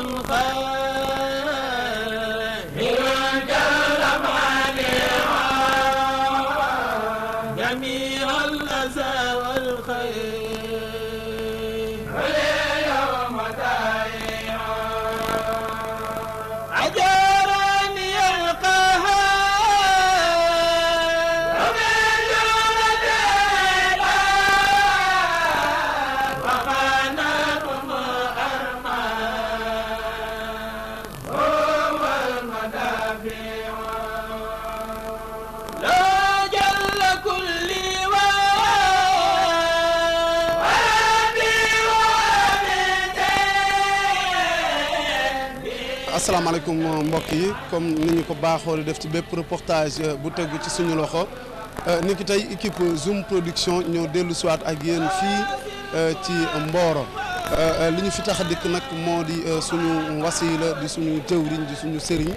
الخير asalaamaaleykum euh, mbokk yi comme ni ñu ko baaxoo def ci bépp reportage euh, bu tegu ci suñu loxo euh, ni ki tey équipe Zoom production ñoo dellu siwaat ak yéen fii ci Mboro li ñu fi tax dikk nag moo di suñu wasiila di suñu jëwriñ di suñu sëriñ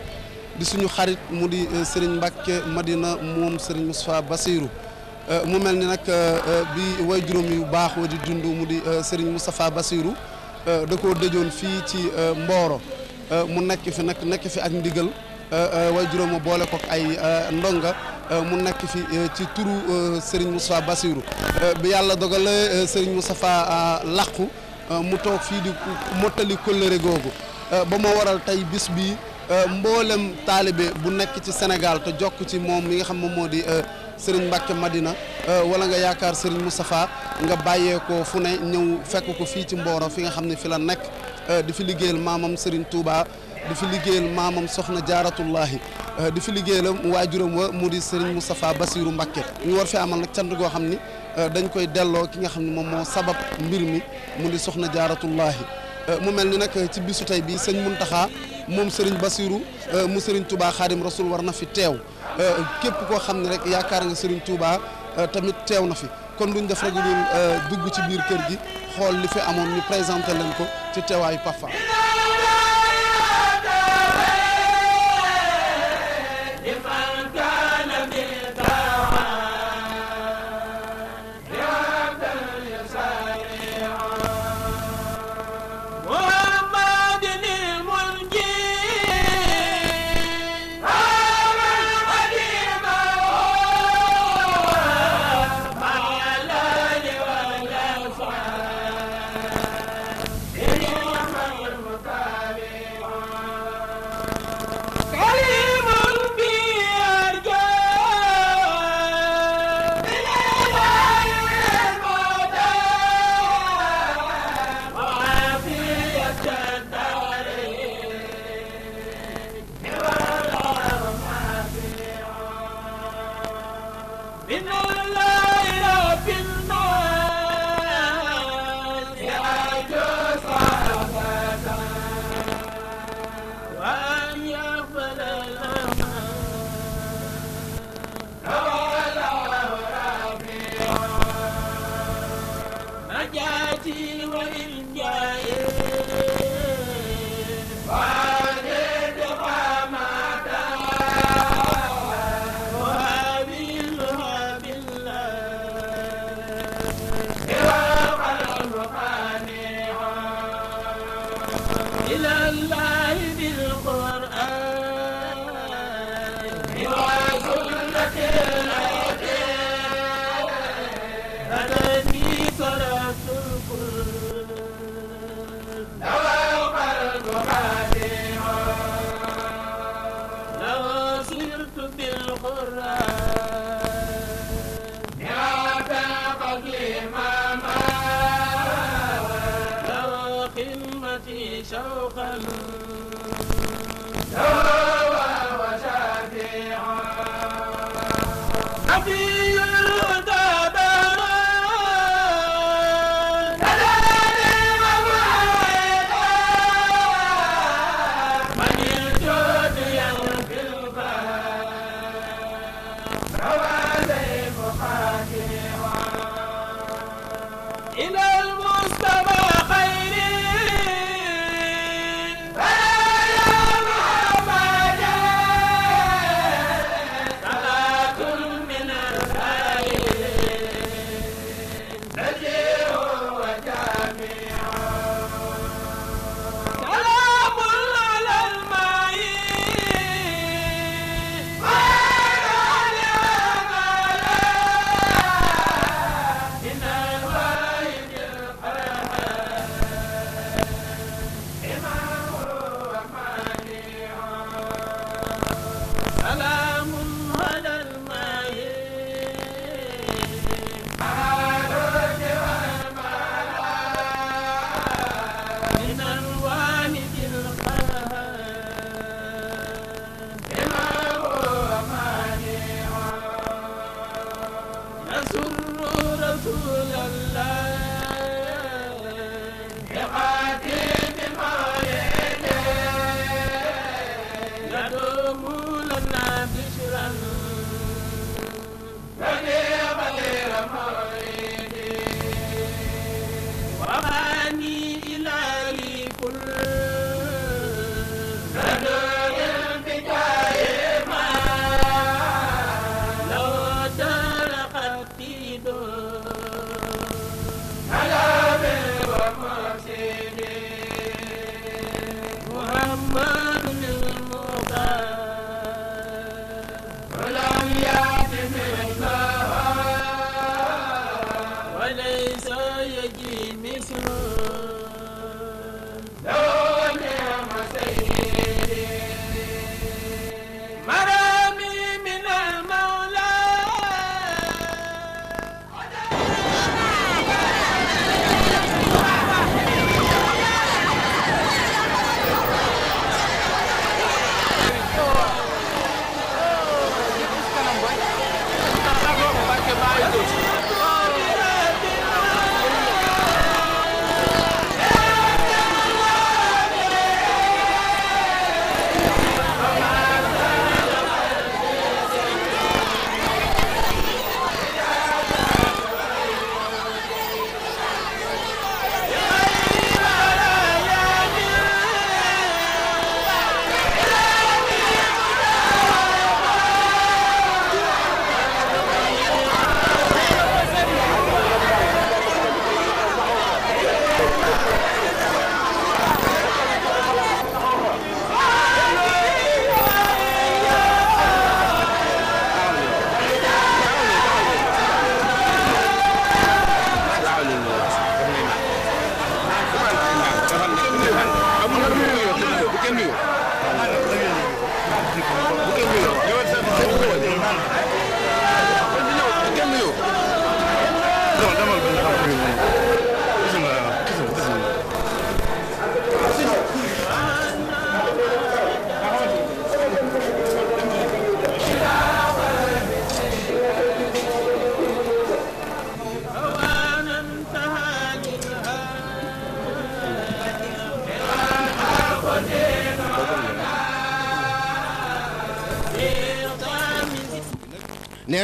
di suñu xarit mu di sëriñ Mbàkke Madina moom sëriñ Moustapha Bassirou mu mel ni nag bi way juróom yu baaxoo di dund mu di sëriñ Moustapha Bassirou da ko dëjoon fii ci Mboro Euh, mu nekk fi nag nekk fi ak ndigal euh, euh, way juróoma boole ko ay ndonga mu nekk fi ci turu Serigne Moustapha Bassirou bi yàlla dogale Serigne Moustapha làqu mu toog fii di mottali kóllëre googu ba moo waral tey bis bi mboolem taalibe bu nekk ci Sénégal te jokk ci moom mi nga xam moom moo di Serigne Mbacke Madina wala nga yaakaar Serigne Moustapha nga bàyyeekoo fu ne ñëw fekk ko fii ci Mboro fi nga xam ne fi la nekk di fi liggéeyal mamam Serigne Touba di fi liggéeyal mamam Soxna jaratullah di fi liggéeyal wajuram wa mu Serigne Moustapha Bassirou Mbacké ñu war fi amal nak cant go xamni dañ koy dello ki nga xamni mom mo sabab mbir mi mu Soxna jaratullah mu melni nak ci bisu tay bi sëñ muntaha mom Serigne Bassirou mu Serigne Touba khadim rasoul war na fi tew képp ko xamni rek yaakar nga Serigne Touba tamit tew na fi. kon luñ def rek euh, dugg ci biir kër gi xool li fi amoon ñu présenté leen ko ci teewaayu Pafa.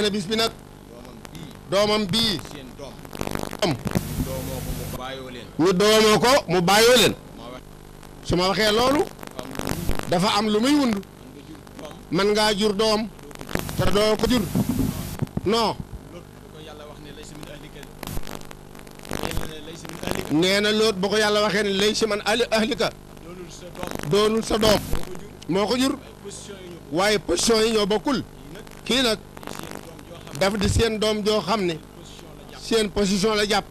nee na bis bi nag doomam bii doom ko mu bàyyoo leen su dafa am lu muy wund ngaa jur doom te doo ko jur non nee loot boo ko yàlla waxee ne lay si man ali ahlika doonul sa doom moo ko jur waaye position yi ñoo bokkul kii nag dafa di seen dom joo xam ne seen position la jàpp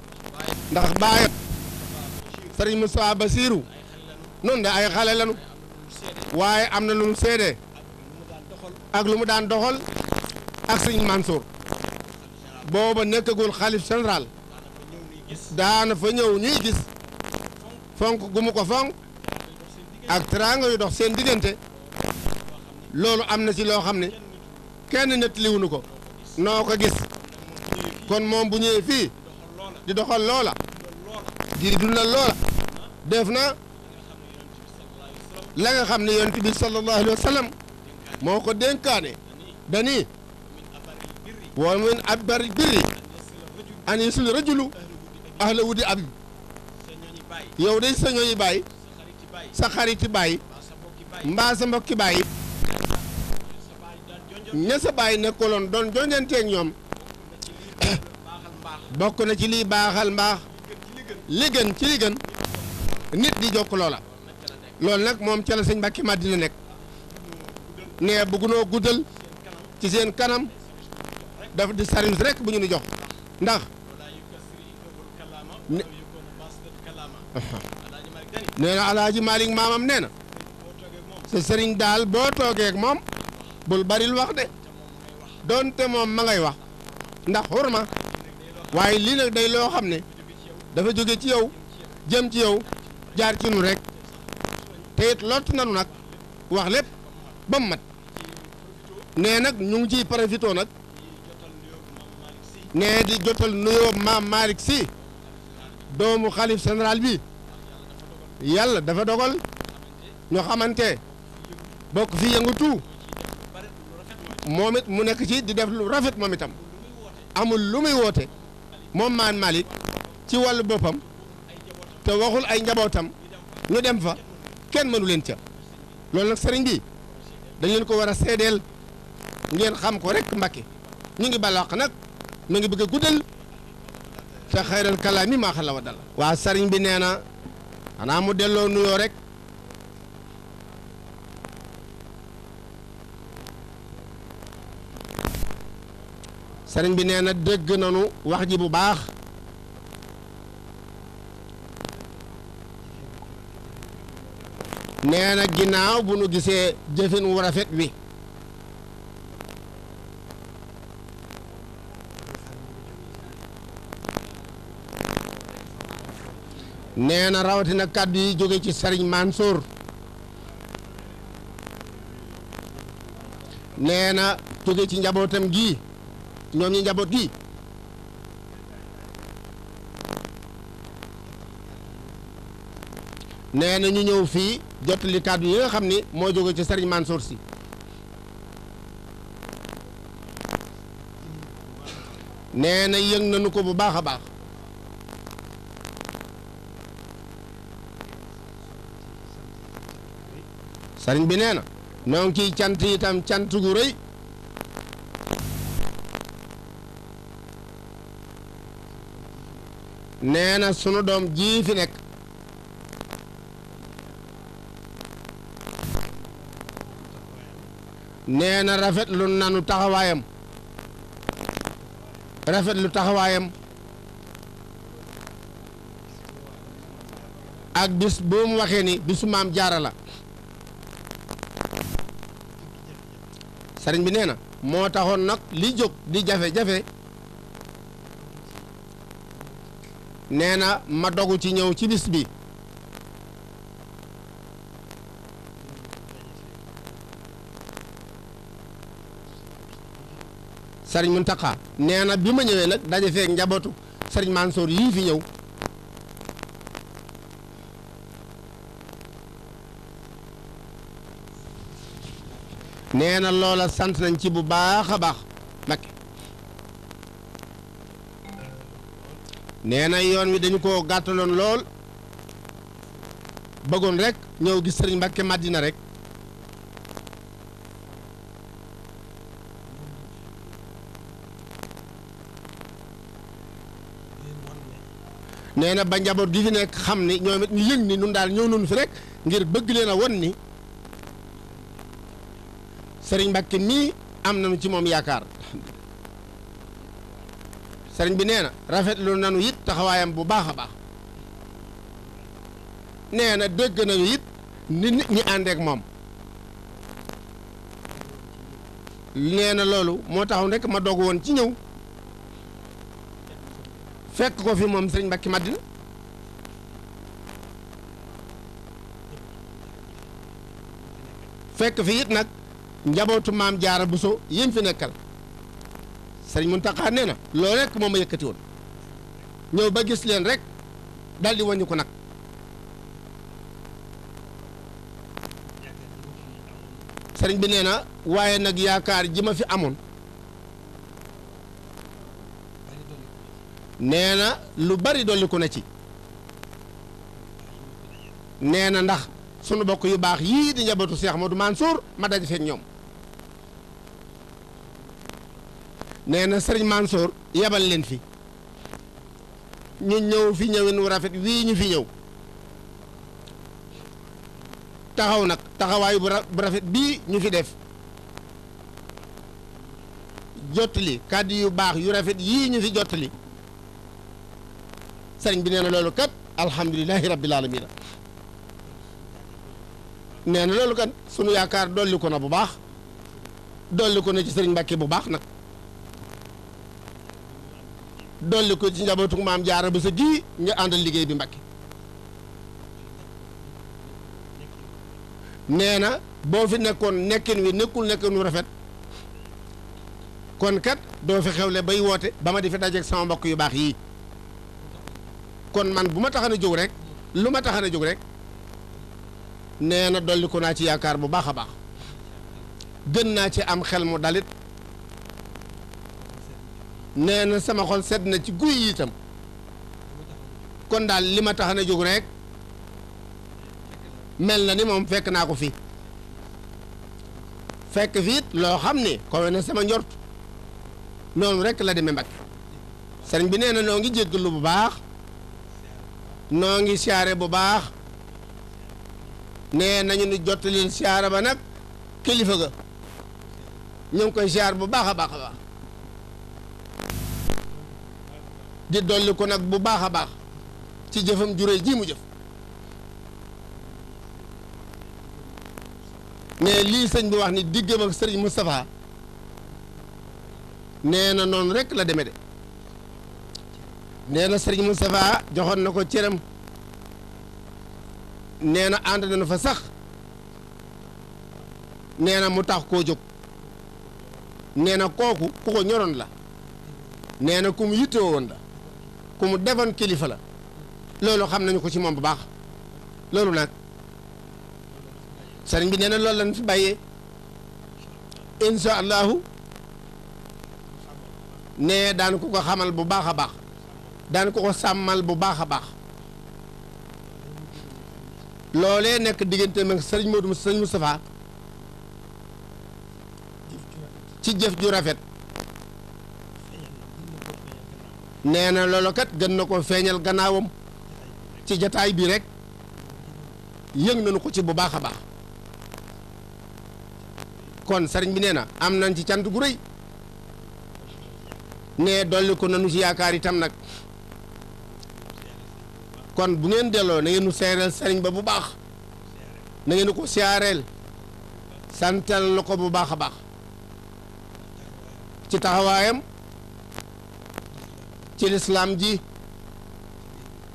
ndax baayam sëriñ Moustapha Bassirou noonu da ay xale lañu waaye am na lu mu ak lu mu daan doxal ak sëriñ Mansour booba nekkagul xalif général daana fa ñëw ñuy gis fonk gu ko fonk ak yu dox seen ci ko noo ko gis kon moom bu ñëwee fii di doxal loola di dundal loola def na la nga xam ne yonent bi sallallahu alayhi wa moo ko dénkaane dani wa min abar birri an yusil rajulu ahla wudi abi yow day sa ñooñi bàyyi sa xariti bàyyi mbaa sa mbokki bàyyi ña sa bàyyi nekkoloon doon jonjanteeg ñoom bokk na ci liy baaxal mbaax li gën ci li gën nit di jokk loola loolu nag moom ca la sëñ Mbàkke Madina nekk nee bëggunoo guddal ci seen kanam daf di service rek bu ñu ni jox ndax nee na alaaji Malick maamam nee na sa sëriñ daal boo toogee moom bul baril wax de doonte moom ma ngay wax ndax xurma waaye lii nag day loo xam ne dafa jóge ci yow jëm ci yow jaar ci nu rek te it lott nanu nag wax lépp ba mu mat nee nag ñu ngi ciy profité nag nee di jotal nuyoo maam Malick Sy doomu xalif général bi yàlla dafa dogal ñu xamante bokk fi yëngutu moom mu nekk ci di def rafet moom itam amul lu muy woote moom maan Malick ci wàllu boppam te waxul ay njabootam ñu dem fa kenn mënu leen ca loolu nag sëriñ bi dañ leen ko war a seedeel ngeen xam ko rek Mbàkke ñu ngi balaax nag mu ngi bëgg a guddal te xayral kalaami maa xalawa dal waa sëriñ bi nee na xanaa mu delloo nuyoo rek sëriñ bi nee na dégg nanu wax ji bu baax nee na ginnaaw bu nu gisee jëfin wu rafet wi nee na rawatina kàddu yi jóge ci sëriñ Mansour nee na jóge ci njabootam gi ñoom ñi njaboot gi nee na ñu ñëw fii jottali kàddu yi nga xam ni moo jóge ci Serigne Mansour si nee na yëg nañu ko bu baax a baax sëriñ bi nee na ñoo ngi ciy cant itam cant gu rëy Nena sunu dom jii fi nekk rafet lu nanu taxawayam rafet lu taxawayam ak bis bu mu waxe ni bisu mam jaara la bi moo taxoon li jóg di jafe-jafe nee na ma dogu ci ñëw ci bis bi sëriñ Muntaxa nee na bi ma ñëwee nag daje feek njabootu sëriñ Mansour yii fi ñëw nee na loola sant nañ ci bu baax a baax nee na yoon wi dañu ko gàttaloon lool bëggoon rek ñëw gis sëriñ Mbàkke màddina rek nee na ba njaboot gi fi nekk xam ni ñoom it ñu ni nun daal ñëw nun fi rek ngir bëgg leen a won ni sëriñ Mbàkke mii am nañu ci moom yaakaar sëriñ bi nee na rafetlu nanu it taxawaayam bu baax a baax nee na dëgg nañu yit ni nit ñi àndeek moom nee na loolu moo taxaw rek ma doog woon ci ñëw fekk ko fi moom sëriñ Mbacke Madina fekk fi it nag njabootu maam jaara buso yim fi nekkal sëriñ Muntaxa nee na loolu rekk moom ma yëkkati woon ñëw ba gis leen rek daldi di ko nag sëriñ bi nee na waaye nag yaakaar ji ma fi amoon nee na lu bari dolli na ci nee na ndax sunu bokk yu baax yii di njabootu Seex Amadu Mansuur ma daje feek ñoom nee na sëriñ yebal leen fi ñu ñëw fi ñëwin wu rafet wii ñu fi ñëw taxaw nag taxawaayu bu rafet bii ñu fi def jottali kàddu yu baax yu rafet yii ñu fi jottali sëriñ bi nee na loolu kat alhamdulilahi rabbil alamin nee loolu kat sunu yaakaar dolli ko na bu baax dolli ko na ci sëriñ Mbàkke bu baax nag dolli ko ci njabootu maam jaara bu sa gii nga àndal liggéey bi Mbàkke nee na boo fi nekkoon nekkin wi nekkul nekkin wu rafet kon kat doo fi xewle bay woote ba ma di fi dajeeg sama mbokk yu baax yii kon man bu ma taxan a jóg rek lu ma taxan a jóg rek nee na dolli ko naa ci yaakaar bu baax a baax gën naa ci am xel mu dalit nee na sama xol sedd na ci guy yi itam kon daal li ma tax na jóg rek mel na ni moom fekk naa ko fi fekk fi loo xam ne kowe na sama njort noonu rek la deme Mbàkke sëriñ bi nee na noo ngi jéggalu bu baax noo ngi siyaare bu baax nee nañu ni jottalil siyaare ba nag kilifa ga ñu ngi koy siyaar bu baax a baax a baax di dolli ko nag bu baax a baax ci jëfam juré ji mu jëf ne lii sëñ bi wax ni diggam ak sëriñ Moustapha nee na noonu rek la deme de nee na sëriñ Moustapha joxoon na ko cëram nee na ànd na fa sax nee na mu tax koo jóg nee na kooku ku ko ñoroon la nee na ku mu yittewoo woon la ku mu defoon kilifa la loolu xam nañu ko ci moom bu baax loolu nag sëriñ bi nee na lool lañ su bàyyee insha allahu ne daan ko ko xamal bu baax a baax daan ko ko sàmmal bu baax a baax loolee nekk diggante mag sëriñ Modou sëriñ Moustapha ci jëf ju rafet neena lolo kat gën na ko feeñal gannaawam ci jataay bi rek yëng nañu ko ci bu baax baax kon sëriñ bi neena na am nañ ci cant gu rëy ne dolli ko nanu ci yaakaar itam nag kon bu ngeen delloo na ngeen nu seereel sëriñ ba bu baax na ngeen ko siyaareel santal la bu baax baax ci taxawaayam ci lislaam ji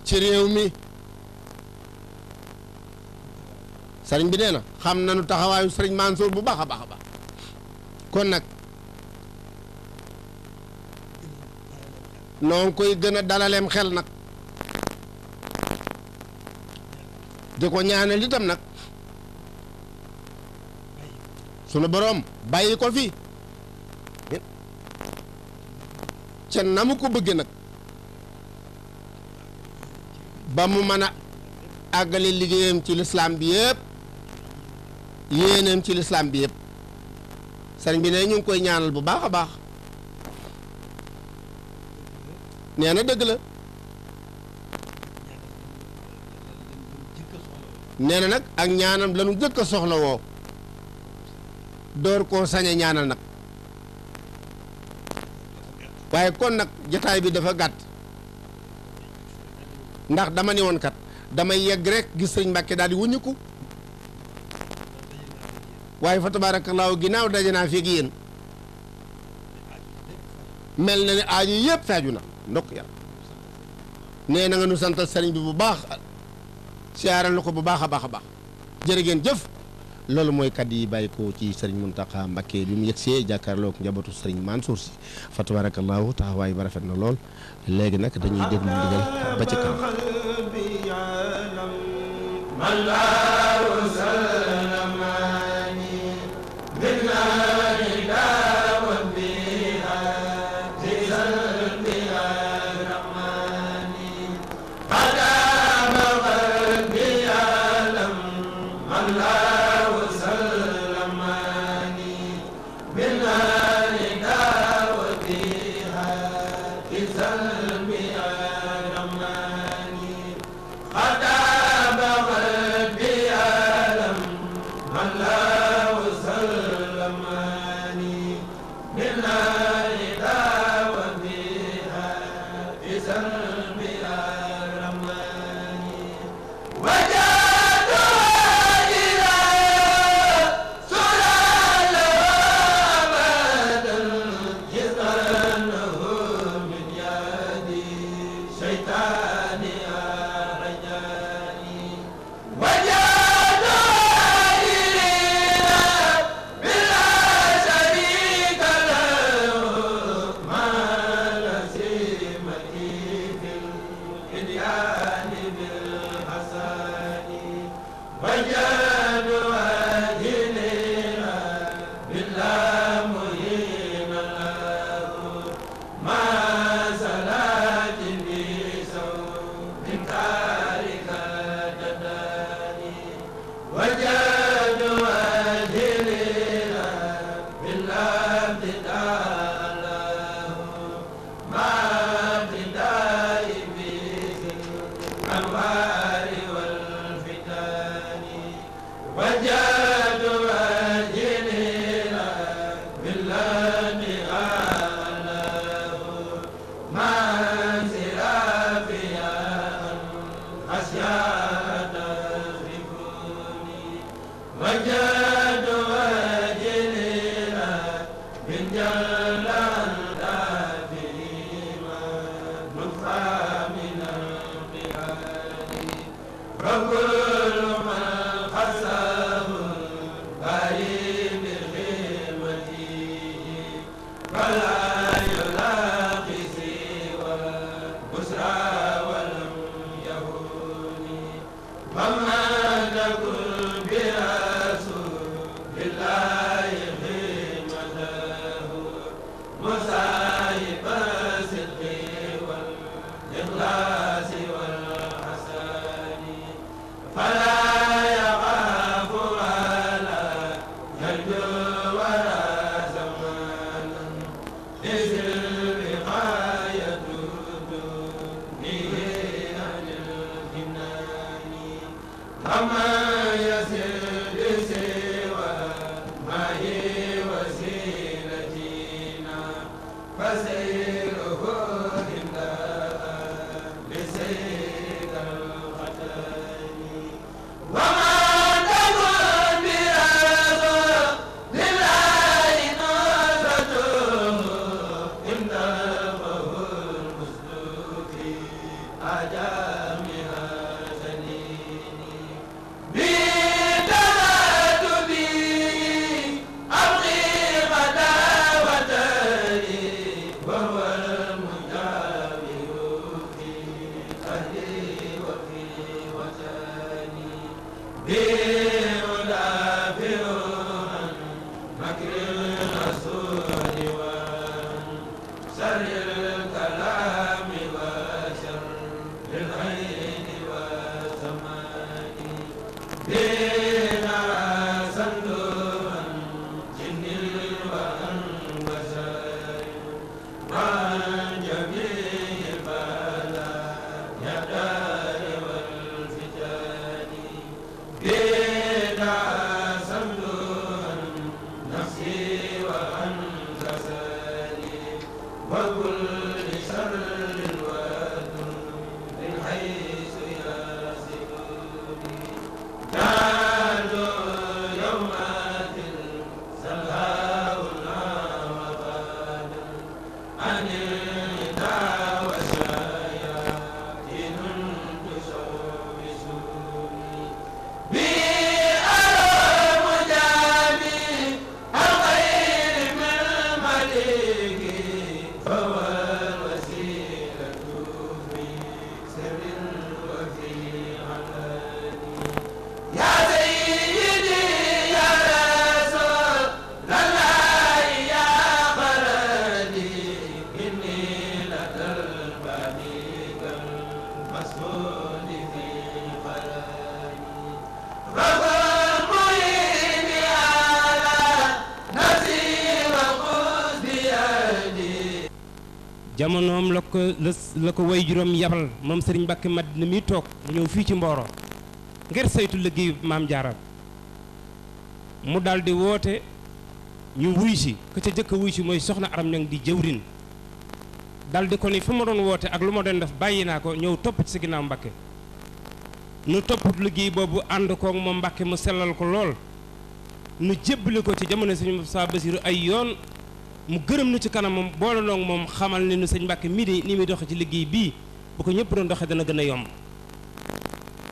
ci réew mi sëriñ bi nee na xam nañu taxawaayu sëriñ Mansour bu baax a baax a baax kon nag noo ngi koy gëna a dalaleem xel nag di ko ñaanal itam nag sunu boroom bàyyi ko fi. ca na mu ko bëgge nag ba mu mën a àggale liggéeyam ci lislaam bi yëpp yéeneem ci lislaam bi yëpp sëriñ bi ne ñu ngi koy ñaanal bu baax a baax neena dëgg la nee nag ak ñaanam lañu jëkk a soxla woo door koo sañ ñaanal nag waaye kon nag jataay bi dafa gàtt ndax dama ne woon kat damay yegg rek gis sëriñ Mbàkke daal di wuññiku waaye foto fa tabaarakallaahu ginnaaw daje naa fi ak mel na ne aaju yëpp faaju na ndokk yàlla nee na nga nu santal sëriñ bi bu baax siyaaral na ko bu baax a baax a baax jërë ngeen jëf loolu mooy kàddu yi bàyyi ci sëriñ Mountakha Mbacké bi mu yëgsee jàkkaarloog njabootu sëriñ Mansour si fa tabarakallahu taxawaay ba rafet na lool léegi nag dañuy déglu ndigal ba ci kanam Hayya رسول Mbàkke Madina mi toog mu ñëw fii ci Mboro ngir saytu liggéeyu maam Jaara mu daldi woote ñu wuy si ka ca jëkk wuy si mooy soxna aram ñang di jëwrin daldi ko ni fa ma doon woote ak lu ma doon def bàyyi naa ko ñëw topp ci sa ginnaaw Mbàkke nu topp liggéey boobu ànd koog moom Mbàkke mu sellal ko lool nu jébbali ko ci jamono sëñ saa Basiru ay yoon mu gërëm nu ci kanamam boole noog moom xamal ne nu sëñ Mbàkke mii de ni muy doxe ci liggéey bii bu ko ñëpp doon doxee dana gën a yomb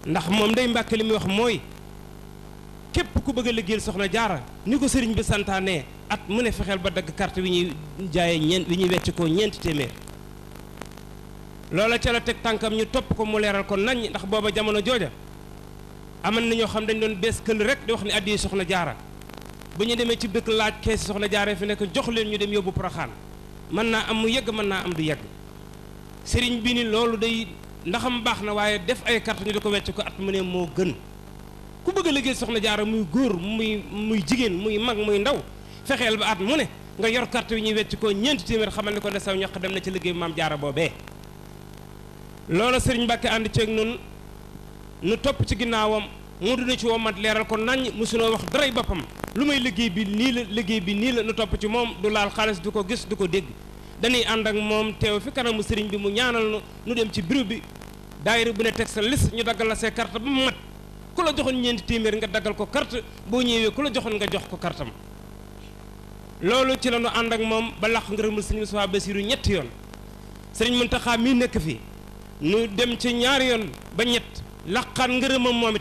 ndax moom day mbàkke li muy wax mooy képp ku bëgg a liggéeyal soxna jaara ni ko sëriñ bi santaane at mu ne fexeel ba dagg carte wi ñuy jaayee ñeent wi ñuy wecc ko ñeenti téeméer loola ca la teg tànkam ñu topp ko mu leeral ko nañ ndax booba jamono jooja aman na ñoo xam dañ doon bees kël rek di wax ne addi soxna jaara bu ñu demee ci dëkk laaj keesi soxna jaara fi nekk jox leen ñu dem yóbbu Poroxaan mën naa am mu yegg mën naa am du yegg sëriñ bi ni loolu day ndaxam baax na waaye def ay carte ñu di ko wecc ko at mu ne moo gën ku bëgg a liggéey soxna jaara muy góor muy muy jigéen muy mag muy ndaw fexeel ba at mu ne nga yor carte yi ñuy wecc ko ñeenti téeméer xamal ne ko ne saw ñaq dem na ci liggéey maam jaara boobee loola sëriñ Mbàkke ànd ceeg nun nu topp ci ginnaawam mu duna ci womat leeral ko naññ mosunoo wax daray boppam lu may liggéey bi nii la liggéey bi nii la nu topp ci moom du laal xaalis du ko gis du ko dégg dañuy andang ak teo teew fi kanamu sëriñ bi mu ñaanal nu nu dem ci bureau bi daayira bu ne teg sa liste ñu daggal la say carte bu mat ku la joxoon ñeenti nga daggal ko carte boo ñëwee ku la joxoon nga jox ko carte am loolu ci la ñu ànd ak moom ba làq ngërëmul sëriñ Moustapha Bassirou ñetti yoon sëriñ Mountakha mii nekk fii nu dem ci ñaari yoon ba ñett làqaan ngërëmam moom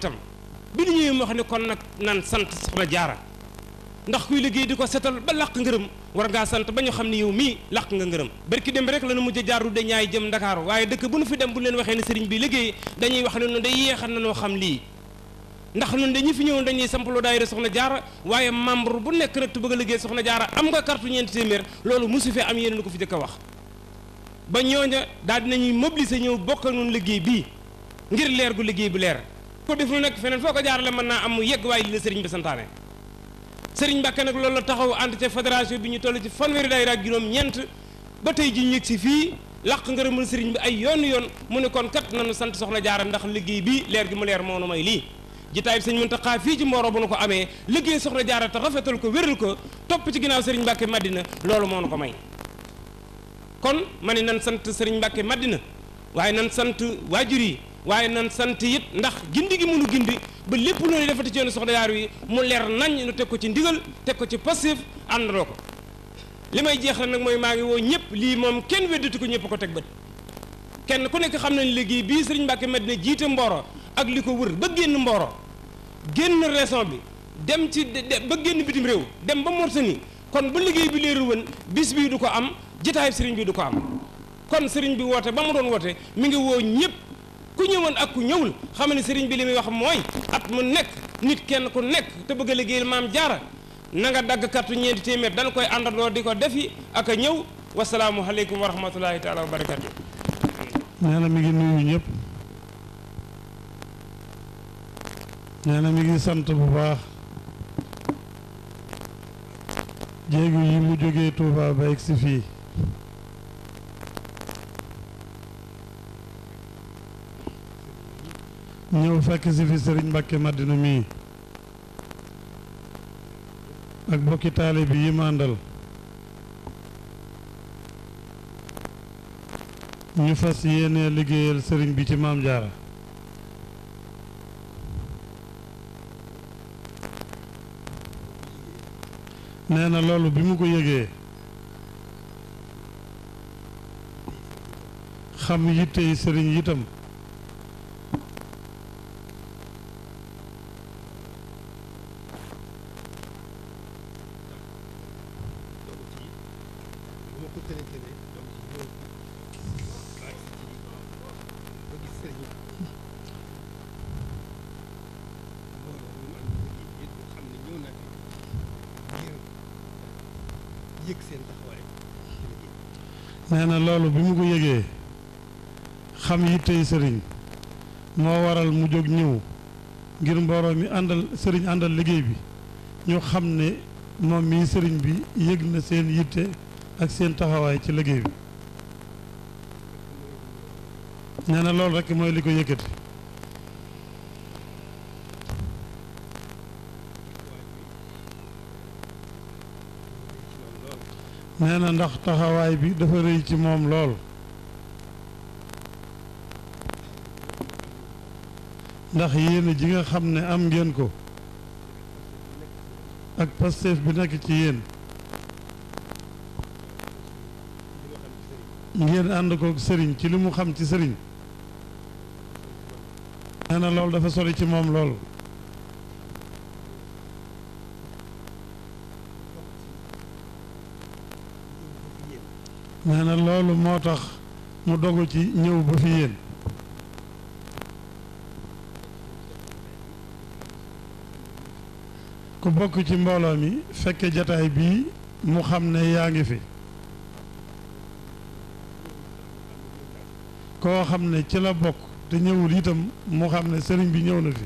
bi nu ñëwee mo wax kon nak nan sant soxna jaara ndax kuy liggéey diko setal ba ngeureum war ngaa sant ba ñu xam ne yow mii laq nga ngërëm barki dem rek la nu mujj jaar de ñaay jëm Dakar waaye dëkk bu nu fi dem bu leen waxee ne sëriñ bi liggéey dañuy wax ne noonu day yeexal na noo xam lii ndax ñun dañu fi ñëwoon dañuy sampaloo daayira soxna jaar waaye membre bu nekk nag tu bëgg a liggéey soxna jaar am nga carte ñeenti téeméer loolu mosu fee am yeneen ko fi jëkk a wax ba ñooña daal dinañuy mobiliser ñëw bokk ak ñun liggéey bii ngir leer gu liggéey bu leer ko def lu nekk feneen foo ko naa am mu yegg waaye li Serigne Mbacke nag loolu la taxaw ànd ca fédération bi ñu toll ci fanweeri daayira ak juróom-ñeent ba tey ji ñëg si fii làq ngërëmul Serigne bi ay yoon yoon mu ne kon kat nanu sant soxna jaara ndax liggéey bi leer gi mu leer moo nu may lii jitaay bi sëñ Muntaxa fii ci mbooroo bu nu ko amee liggéey soxna jaara te rafetal ko wéral ko topp ci ginnaaw Serigne Mbacke Madina loolu moo ko may kon ma ne nan sant Serigne Mbacke Madina waaye nan sant waajur yi waaye nan sant it ndax gindi gi mënu gindi ba lépp loolu defati ci yoonu soxna yaaru yi mu leer nañ nu teg ko ci ndigal teg ko ci passif àndandoo ko li may jeex jeexal nag mooy maa ngi woo ñëpp lii moom kenn weddati ko ñëpp ko teg bët kenn ku nekk xam nañ liggéey bii sëriñ Mbàkke Madina jiite Mboro ak li ko wër ba génn mbooro génn région bi dem ci ba génn bitim réew dem ba nii kon ba liggéey bi leerul woon bis bii du ko am jotaayu sëriñ bi du ko am kon sëriñ bi woote ba mu doon woote mi ngi woo ñëpp. ku ñëwoon ak ku ñëwul xam ne sëriñ bi li muy wax mooy at mu nekk nit kenn ku nekk te bëgg a liggéeyal maam jaara na dagg kartu ñeenti téeméer dañ koy àndandoo di ko defi ak a ñëw wasalaamu aleykum wa rahmatullahi taala wa mi ngi nuyu ñëpp nee mi ngi sant bu baax jéegu yi mu jógee Touba ba egsi fii ñëw fekk si fi sëriñ Mbàkke Madina mii ak bokki taalibe yi ma ñu fas yéene liggéeyal sëriñ bi ci maam jaara nee na loolu bi mu ko yëgee xam yitte yi sëriñ itam loolu bi mu ko yëgee xam yittey sëriñ moo waral mu jóg ñëw ngir mbooloo mi àndal sëriñ àndal liggéey bi ñu xam ne moom mii sëriñ bi yëg na seen yitte ak seen taxawaay ci liggéey bi nee na loolu rekk mooy li ko yëkkati nee ndax taxawaay bi dafa rëy ci moom lool ndax yéen ji nga xam ne am ngéen ko ak Pastef bi nekk ci yéen ngeen ànd kook sëriñ ci li mu xam ci sëriñ nee na loolu dafa sori ci moom lool nee na loolu moo tax mu dogu ci ñëw ba fi yéen ku bokk ci mbooloo mi fekke jataay bii mu xam ne yaa ngi fi koo xam ne ci la bokk te ñëwul itam mu xam ne sëriñ bi ñëw na fi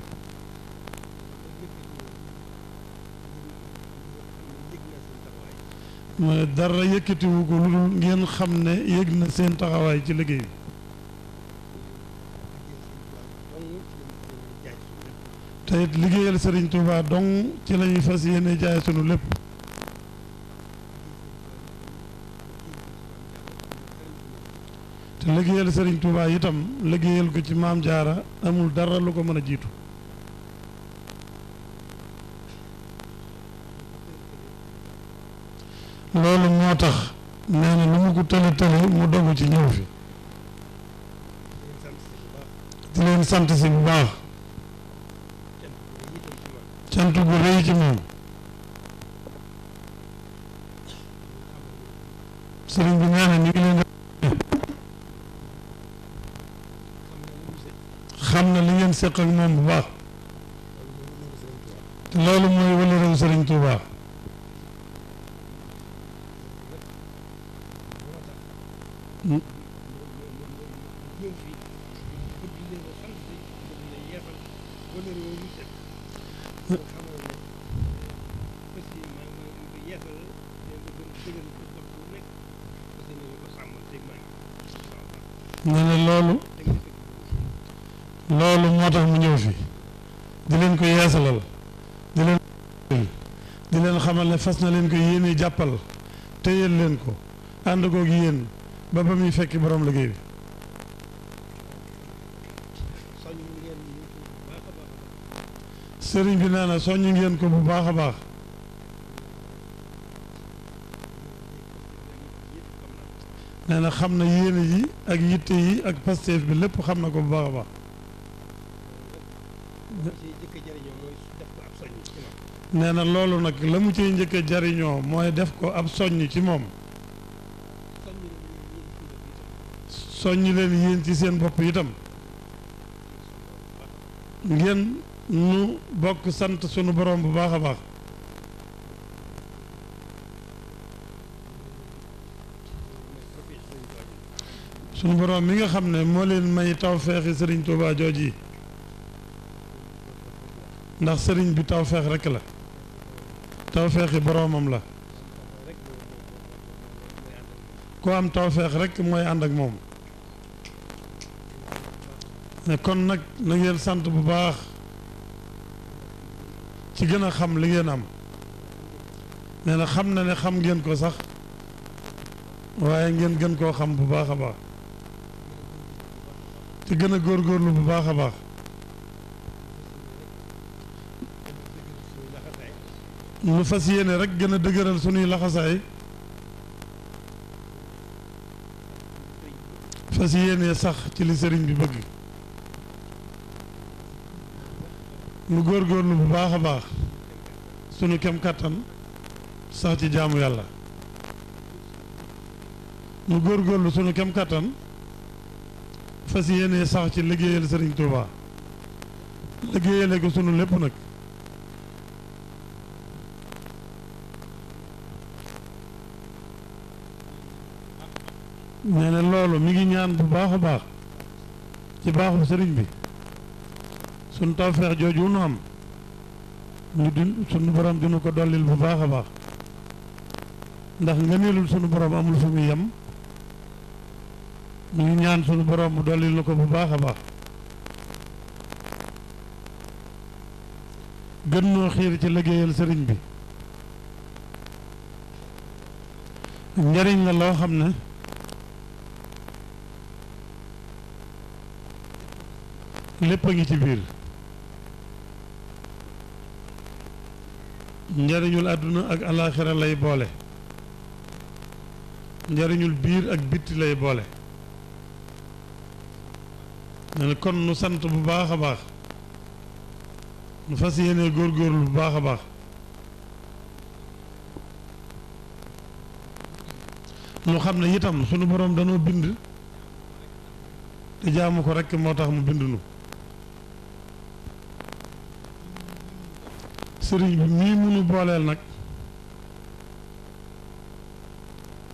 ma dara yëkkatiwu ko lu dul ngeen xam ne yëg na seen taxawaay ci liggéey bi te liggéeyal Serigne Touba dong ci lañuy ñuy fas yéene jaay sunu lépp te liggéeyal Serigne Touba itam liggéeyal ko ci maam jaara amul dara lu ko mën a jiitu mu tële mu dogu ci ñëw fi di leen sant si bu baax cant gu rëy ci moom sëriñ bi nee na ñu xam na li ngeen seq ak moom bu baax te loolu mooy wala réew sëriñ Tuubaa ne na leen ko yéene jàppal téyal leen ko ànd koog yéen ba ba muy fekki borom sëriñ bi nee na soññu ngeen ko bu baax a baax. nee na xam na yéene yi ak yitte yi ak pasteef bi lépp xam na ko bu baax baax. nee na loolu nag la mu ciy njëkk jariñoo mooy def ko ab soññ ci moom soññ leen yéen ci seen bopp itam ngeen nu bokk sant sunu boroom bu baax a baax sunu borom mi nga xam ne moo leen may tawfeexi Serigne Touba jooji ndax sëriñ bi tawfeex rekk la توفيق بروم له كوام توفيق رك موي عندك موم نكون نك نغير سانت بو باخ خم لي گنا خم نانا خم گين كو صاح واي گين خم بو باخا باخ تي گنا گور گور nu fas yéene rek gën a dëgëral sunuy laxasaay fas yéene sax ci li sëriñ bi bëgg góor góorgóorlu bu baax a baax sunu kem kàttan sax ci jaamu yàlla góor góorgóorlu sunu kem kàttan fas yéene sax ci liggéeyal sëriñ Touba liggéeyale ko sunu lépp nag ñaan baax a baax ci baaxum sëriñ bi suñ tawfeex jooju nu am ñu di sunu ko dollil bu baax a baax ndax ngëneelul sunu borom amul fu muy yem ñu ñaan sunu borom mu dollil na ko bu baax a baax gën noo xiir ci liggéeyal sëriñ bi njariñ la loo xam ne lépp a ngi ci biir njariñul àdduna ak alaaxira lay boole njariñul biir ak bitti lay boole ne kon nu sant bu baax a baax nu fas yéene góorgóorlu bu baax a baax nu xam ne itam sunu boroom danoo bind te jaamu ko rekk moo tax mu bind sëriñ bi mii munu booleel nag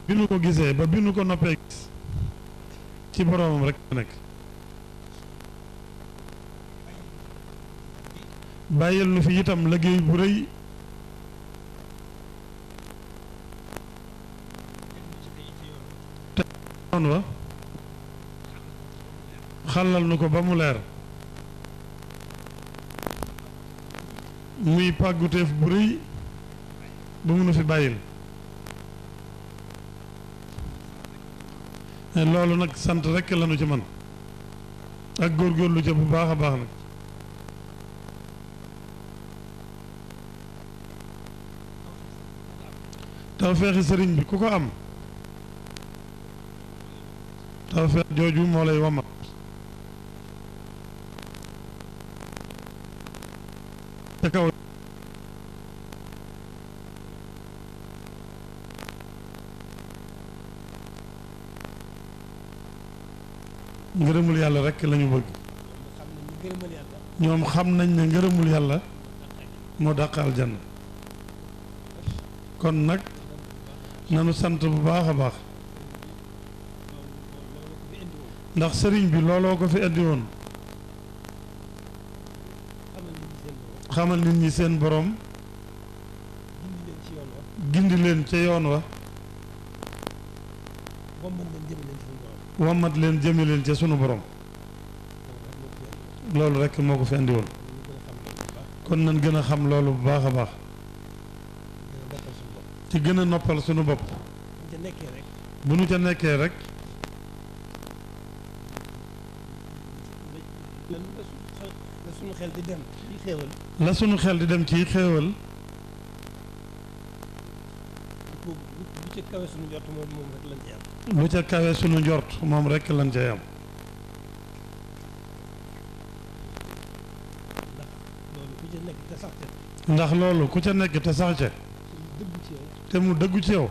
bi nu ko gisee ba bi nu ko noppee gis ci boroomam rekk nekk bàyyil nu fi itam liggéey bu rëy te yoon wa xalal nu ko ba mu leer muy pàgguteef bu rëy ba mun a fi bàyyil loolu nag sant rekk lañu ci man ak góorgóorlu ca bu baax a baax nag tawfeexi sëriñ bi ku ko am tawfeex jooju moo lay wamal te kaw ngërëmul yàlla rek la ñu bëgg ñoom xam nañ ne ngërëmul yàlla moo dàq aljanna kon nag nanu sant bu baax a baax ndax sëriñ bi looloo ko fi indi woon xamal nit ñi seen borom gindi leen ca yoon wa wammat leen jëme leen ca sunu borom loolu rekk moo ko fi andi woon kon nan gën a xam loolu bu baax a baax ci gën a noppal sunu bopp bu nu ca nekkee rek sunu xel di dem ci xéewal la sunu xel di dem ci xéewal lu ca kawe sunu njort moom rek lañ ca yam lu ca kawe sunu njort ndax loolu ku ca nekk te sax ca te mu dëggu ci yow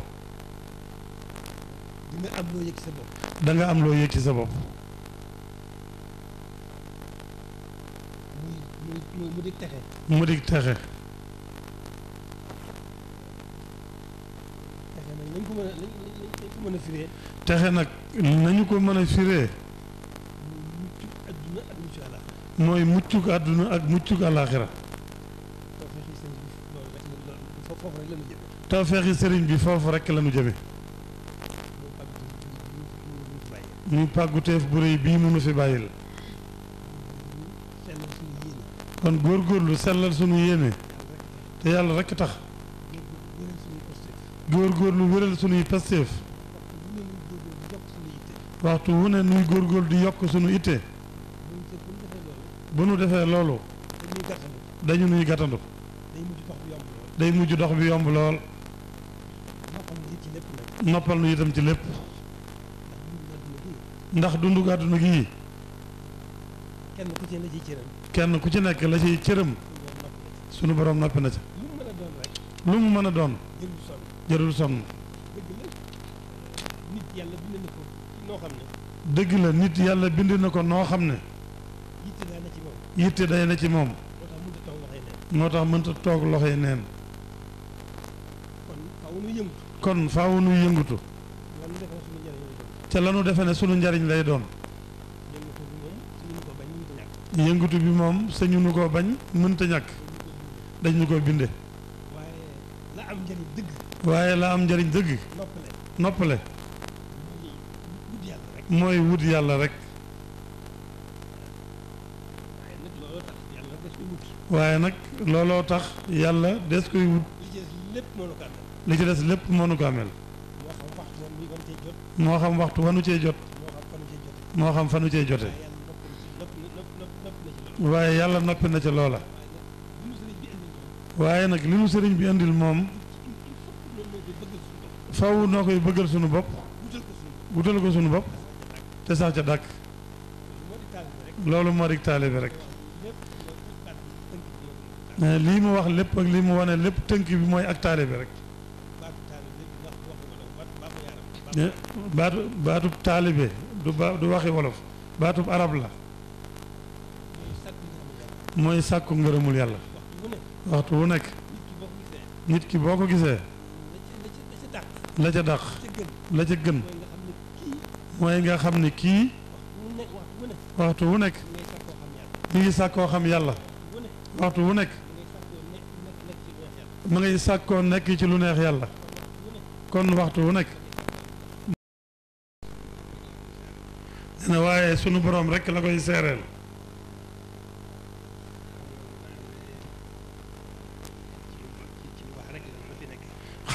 da am loo yëg ci sa bopp mu di texe. mu dig texe. nag nañu ko mën a firee. mooy muccug àdduna ak muccug àllaaxira. tawfeexi sëriñ bi foofu rekk la nu jëme muy pàgguteef bu réy bii mënu fi bàyyil kon góorgóorlu sellal sunu yéene te yàlla rekk tax góorgóorlu wéral sunuy pasteef waxtu wu ne nuy góorgóorlu di yokk sunu itte bu nu defee loolu dañu nuy gàttandu day mujj dox bi yomb lool noppal nu itam ci lépp ndax dundu àdduna gi kenn ku ci nekk la ciy cëram sunu borom noppi na ca lu mu mën a doon jarul sonn dëgg la nit yàlla bind na ko noo xam ne yitte day na ci moom moo tax mënta toog loxoy neen kon faaw nu yëngutu la lanu defe ne sunu njariñ lay doon yëngatu bi moom sañu nu koo bañ mënta ñàkk dañ ñu koo binde waaye la am njëriñ dëgg. noppale. mooy wut yàlla rek. waaye nag looloo tax yàlla des koy wut. li ci des lépp moo ko amel. moo xam waxtu wanu cee jot. moo xam fanu cee jote. waaye yàlla noppi na ca loola waaye nag li nu sëriñ bi indil moom faw noo koy bëggal sunu bopp wutal ko sunu bopp te sax ca dàkk loolu moo di taalibe rek eh, lii mu wax lépp li mu wane lépp tënk bi mooy ak taalibe rek eh, baatu baatub taalibe du ba du waxi wolof baatub arab la mooy sàkku ngërëmul yàlla waxtu wu nekk nit ki boo ko gisee la ca dàq la ca gën mooy nga xam ne kii waxtu wu nekk mi ngi sàkkoo xam yàlla waxtu wu nekk ma ngay sàkkoo nekk ci lu neex yàlla kon waxtu wu nekk nee waaye sunu boroom rekk la koy seereel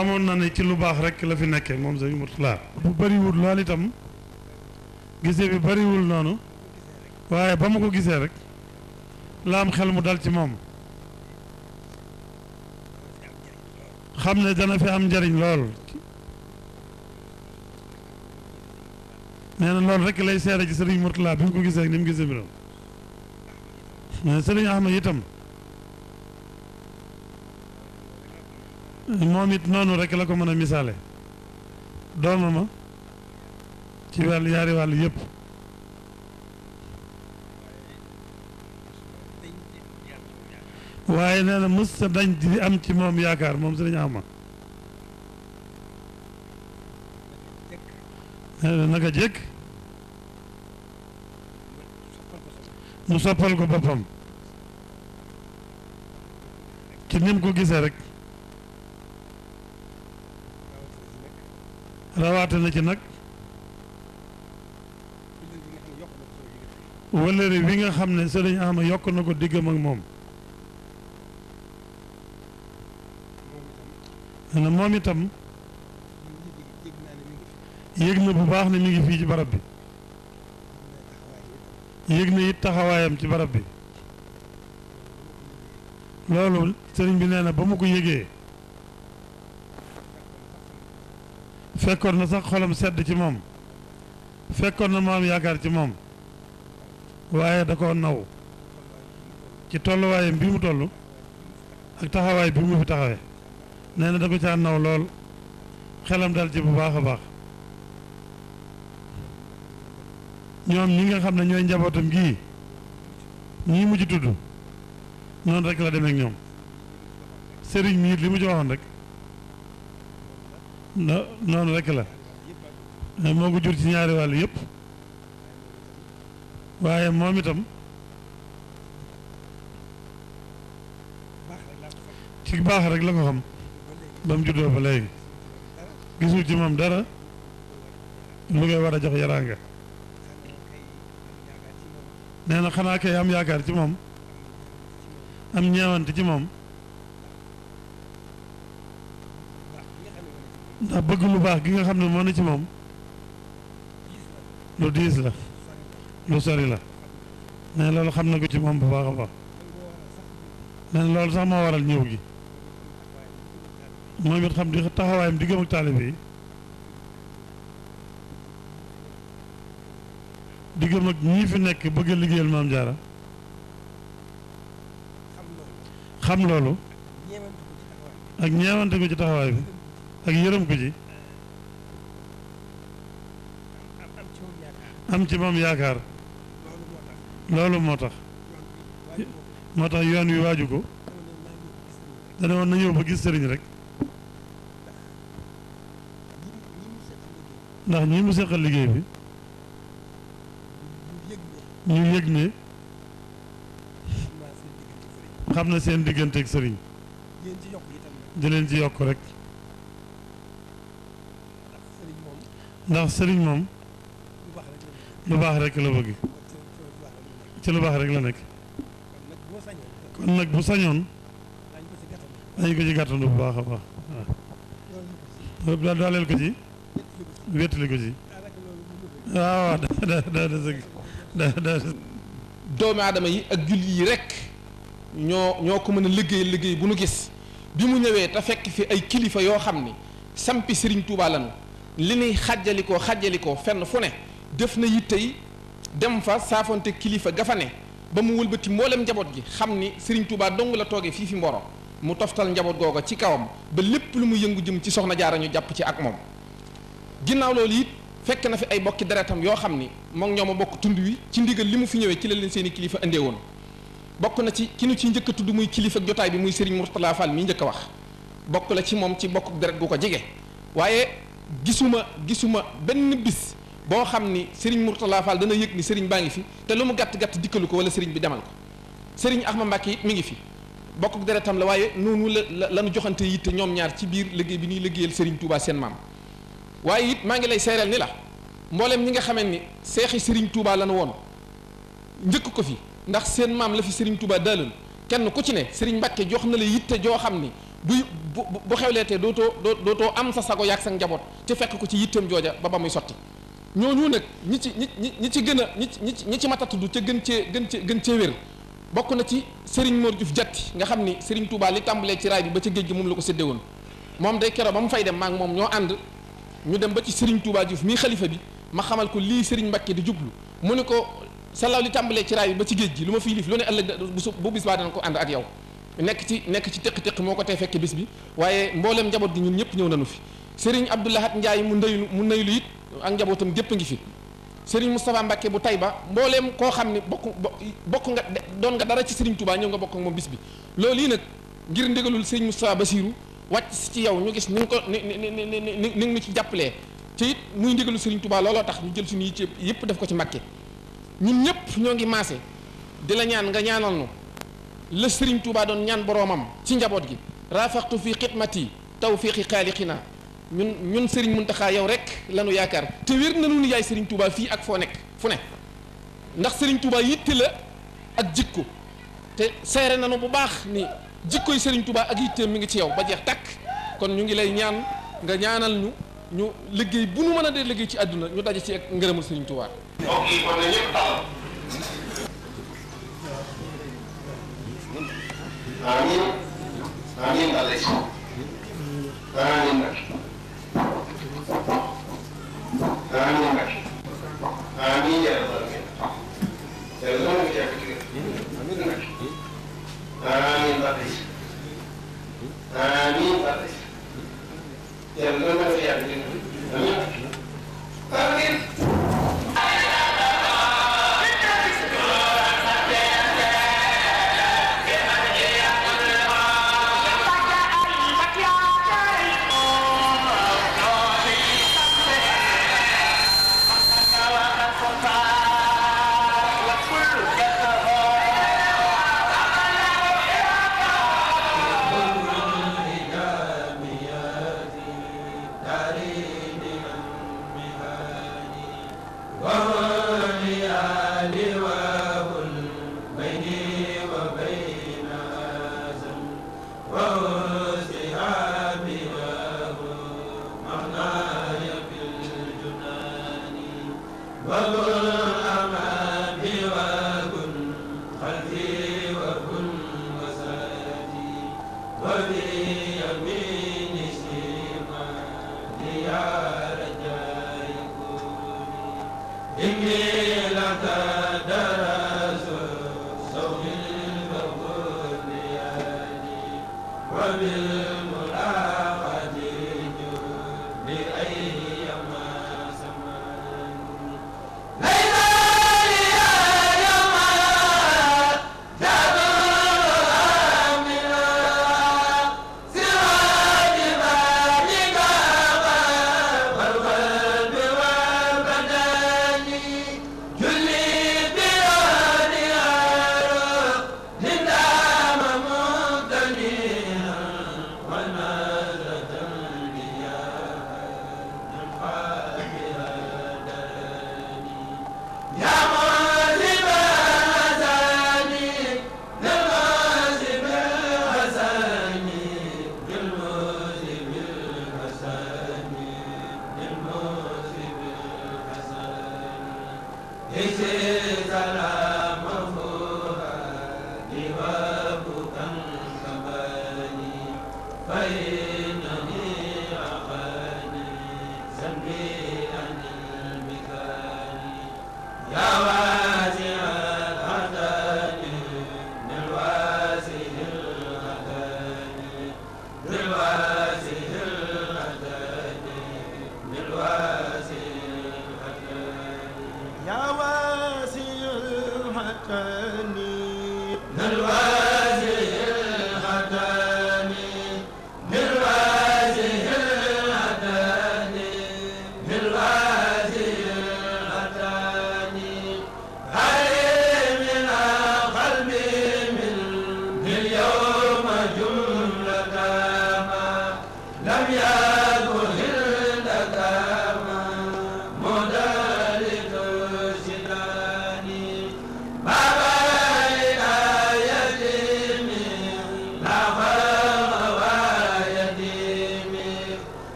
xamoon na ne ci lu baax rek la fi nekkee moom sëñ Murtala bu bëriwul lool itam gisee bi bëriwul noonu waaye ba ma ko gisee rek la am xel mu dal ci moom xam ne dana fi am njariñ lool nee na loolu rek lay seere ci sëriñ Murtala bi mu ko gisee ak ni mu gisee bi doon sëriñ Ahmad itam moom it noonu rekk la ko mën a misaale dooma ma ci wàllu yaari wàll yépp waaye nee na mës sa dañ di am ci moom yaakaar moom sëriñ Ama nee na naka jëkk mu soppal ko boppam ci nim ko gisee rek rawaate na ci nag wëllëre wi nga xam ne sëriñ Ama yokk na ko diggam ak moom na moom itam yëg na bu baax ne mi ngi fii ci barab bi yëg na it taxawaayam ci barab bi loolu sëriñ bi nee na ba mu ko yëgee fekkoon na sax xolam sedd ci moom fekkoon na mu am yaakaar ci moom waaye da ko naw ci tolluwaayam bi mu toll ak taxawaay bi mu fi taxawee nee na da ko caa naw lool xelam dal ci bu baax a baax ñoom ñi nga xam ne ñooy njabootam gii ñii mujj tudd noonu rek la demee ñoom sëriñ mi li mu ci waxoon rek noonu rek la moo ko jur ci ñaari wàll yëpp waaye moom itam ci baax rek la ko xam ba mu juddoo ba léegi gisul ci moom dara mu koy war a jox yaraanga nee na xanaa kay am yaakaar ci moom am ñeewante ci moom ndax bëgg lu baax gi nga xam ne moo na ci moom lu diis la lu sori la nee loolu xam na ko ci moom bu baax a baax nee loolu sax moo waral ñëw gi moom it xam di taxawaayam di gëm ak taalibe yi di gëm ak ñii fi nekk bëgg a liggéeyal maam jaara xam loolu ak ñeewante ko ci taxawaay bi ak yërëm ko ci am ci moom yaakaar loolu moo tax moo tax yoon wi waaju ko dana woon na ñëw ba gis sëriñ rek ndax ñi mu seqal liggéey bi ñu yëg ne xam na seen digganteeg sëriñ di leen ci yokk rek ndax sëriñ moom lu baax rek la bëgg ci lu baax rek la nekk kon nag bu sañoon dañu ko ci gàttandu bu baax a baax waaw dooleel aadama yi ak julli yi rek ñoo ñoo ko mën a liggéey liggéey bu nu gis bi mu ñëwee te fekk fi ay kilifa yoo xam ni sampi Sëriñ Tuubaa lanu li nuy xàjjalikoo xàjjalikoo fenn fu ne def na yitte dem fa saafonte kilifa gafa ne ba mu wëlbati mboolem njaboot gi xam ni Serigne Touba dong la toogee fii fi Mboro mu toftal njaboot googa ci kawam ba lépp lu mu yëngu jëm ci soxna jaara ñu jàpp ci ak moom ginnaaw loolu it fekk na fi ay bokki deretam yoo xam ni moom ñoo ma bokk tund wi ci ndigal li mu fi ñëwee ci la leen seeni kilifa indee woon bokk na ci ki nu ci njëkk tudd muy kilifa ak jotaay bi muy Serigne murtala Fall mi njëkk a wax bokk la ci moom ci bokk deret gu ko jige waaye gisuma gisuma benn bis bo xamni Serigne Mourtala Fall dana yek ni Serigne bangi fi te lumu gàtt gàtt dikkalu ko wala Serigne bi demal ko Serigne ahmad mbaki mi ngi fi bokk deretam la waye nonu lanu joxante yitte ñom ñaar ci bir liggey bi ni liggeyel Serigne Touba sen mam waye it ma ngi lay seral ni la mbollem ñi nga xamni cheikh Serigne Touba lanu won njëkk ko fi ndax sen mam la fi Serigne Touba daaloon kenn ku ci ne Serigne mbaki jox na la yitte joo xam buy bu bu xewleetee dootoo dootoo am sa sago yàgg sa njaboot te fekk ko ci yitteem jooja ba ba muy sotti ñooñu nag ñi ci ñi ñi ñi ci gën a ñi ci ñi ci mat a tudd ca gën cee gën cee gën cee wér bokk na ci Serigne moor Diouf Diatty nga xam ni Serigne Touba li tàmbalee ci raay bi ba ci géej gi la ko séddee woon moom day keroog ba mu fay dem maak moom ñoo ànd ñu dem ba ci Serigne Touba Diouf mii xalifa bi ma xamal ko lii Serigne Mbacke di jublu mu ne ko salaaw li tàmbalee ci raay bi ba ci géej gi lu ma fiy lif lu ne ëllëg bu bis baa dana ko ànd ak yow nek ci nek ci tek tek moko tay fekk bis bi waye mbollem njabot gi ñun ñëpp ñew nañu fi abdullah hat njaay mu ndey mu ndëylu it ak njabotam gépp ngi fi serigne Moustapha Mbacke bu Tayba mbollem ko xamni bokku bokku nga don nga dara ci serigne Touba ñëw nga bokku ak bis bi loolu nak ngir ndegalul serigne Moustapha Basirou wacc ci yow ñu gis ni ko ni ni ni ni ci jàppalee ci it muy ndigalul serigne Touba looloo tax ñu jël suñu yite def ko ci Mbacke ñun ñëpp ñoo masé maase di la ñaan nga ñaanal nu la Serigne Touba doon ñaan boroomam ci njaboot gi rafaqtu fi xidmati tawfiqi xaaliqina ñun ñun Serigne Mountakha yow rek lanu yaakaar te wér na nu yaay Serigne Touba fii ak foo nekk fu ne ndax sëriñ Touba yitte la ak jikko te seere nanu bu baax ni jikkoy Serigne Touba ak yitteem mi ngi ci yow ba jeex takk kon ñu ngi lay ñaan nga ñaanal ñu ñu liggéey bu nu mën a dee liggéey ci àdduna ñu daje ci ak ngërëmul Serigne Touba. mbokk Amin. Amin alaykum. Aminler. Aminler. Amin ya Rabbi. Yazılım mı yapıyor? Aminler. Amin alaykum. Amin alaykum. Yazılım mı yapıyor? Amin. Amin. Amin.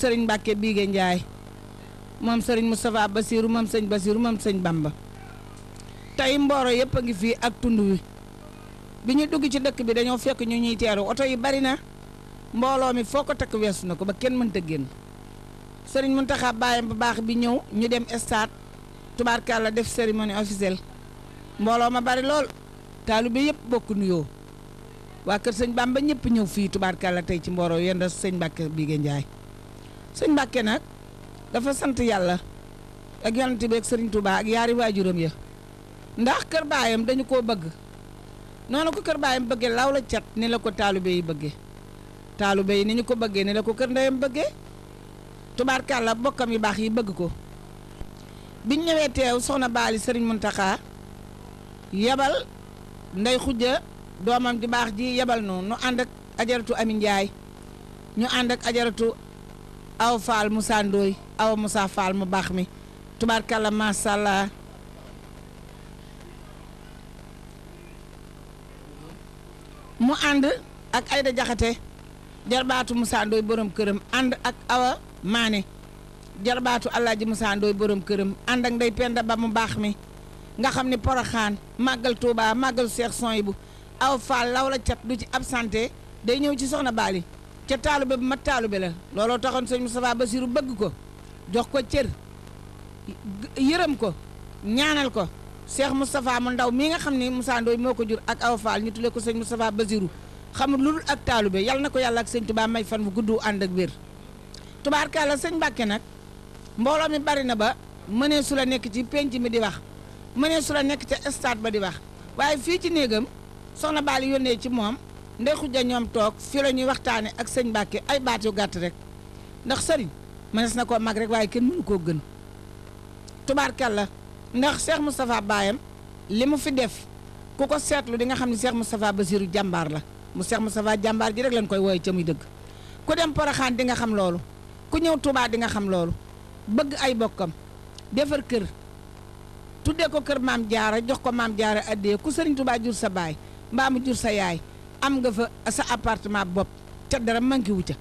sëriñ Mbàkke Biige Njaay moom sëriñ Moustapha Basiru moom sëñ basiiru moom sëñ Bamba tey mbooro yëpp a ngi fii ak tund wi bi ñu dugg ci dëkk bi dañoo fekk ñu ñuy teeru oto yi bari na mbooloo mi foo ko takk weesu na ko ba kenn mënta génn sëriñ Muntaxa baayam bu baax bi ñëw ñu dem stade tubaarkàlla def cérémonie officielle mbooloo ma bari lool taalu bi yëpp bokk nuyoo waa kër sëñ Bamba ñëpp ñëw fii tubaar tubaarkàlla tey ci mbooro yendas sëñ Mbàkke Biige Njaay sëñ Mbàkke nak, dafa sant yalla ak yonent bi ak sëriñ Touba ak yari waajuram ya ndax kër bayam dañu ko bëgg nonu ko kër bayam bëggee law la ciat ni la ko taalibe yi bëggee taalibe yi ni ñu ko bëggee ni la ko kër ndeyam bëggee tubaarkàlla bokkam yu bax yi bëgg ko biñ ñëwé téw soxna bali sëriñ muntaka yabal ndey xujja domam di bax ji yabal nu nu ak ajaratu amin jaay ñu ànd ak ajaratu aw Fall Moussa aw Moussa Fall mu baax mi tubaarkàlla macha allah mu ànd ak Ayda Jaxate jarbaatu Moussa Ndoye këram ànd ak Awa Maane jarbaatu Alaaji Moussa Ndoye borom këram ànd ak Ndey Penda ba mu baax mi nga xam ni Poroxaan màggal Touba màggal Cheikh Soyibu aw Fall law la cat du ci absenté day ñëw ci soxna Bali ca taalibe bu mat taalibe la looloo taxoon sëñ Moustapha Bassirou bëgg ko jox ko cër yërëm ko ñaanal ko Cheikh Moustapha mu ndaw mii nga xam ne Moussa moo ko jur ak Awa Fall ñu tuddee ko sëñ Moustapha Bassirou xamul lu dul ak taalibe yal na ko yàlla ak sëñ Touba may fan bu gudd ànd ak wér tubaar tubaarkalla sëñ Mbàkke nag mbooloo mi bari na ba mënee su la nekk ci penc mi di wax mënee su la nekk ca stade ba di wax waaye fii ci néegam soxna baal yónnee ci moom. ndexu ja ñom tok fi lañuy waxtane ak señ bakki ay baat yu gatt rek ndax señ mënees na koo mag rek waye kenn mënu ko gën tubaarkàlla ndax Cheikh mustafa bayam limu fi def kuko setlu di nga xamni Cheikh mustafa Basiru jambar la mu Cheikh mustafa jambar gi rek lañ koy woy ci muy deug ku dem Poroxaan di nga xam lolu ku ñew tuba di nga xam lolu bëgg ay bokkam defar kër tuddee ko kër mam jaara jox ko mam jaara ku Touba jur sa bay jur sa yaay am nga fa sa appartement bop ca dara manki wu ca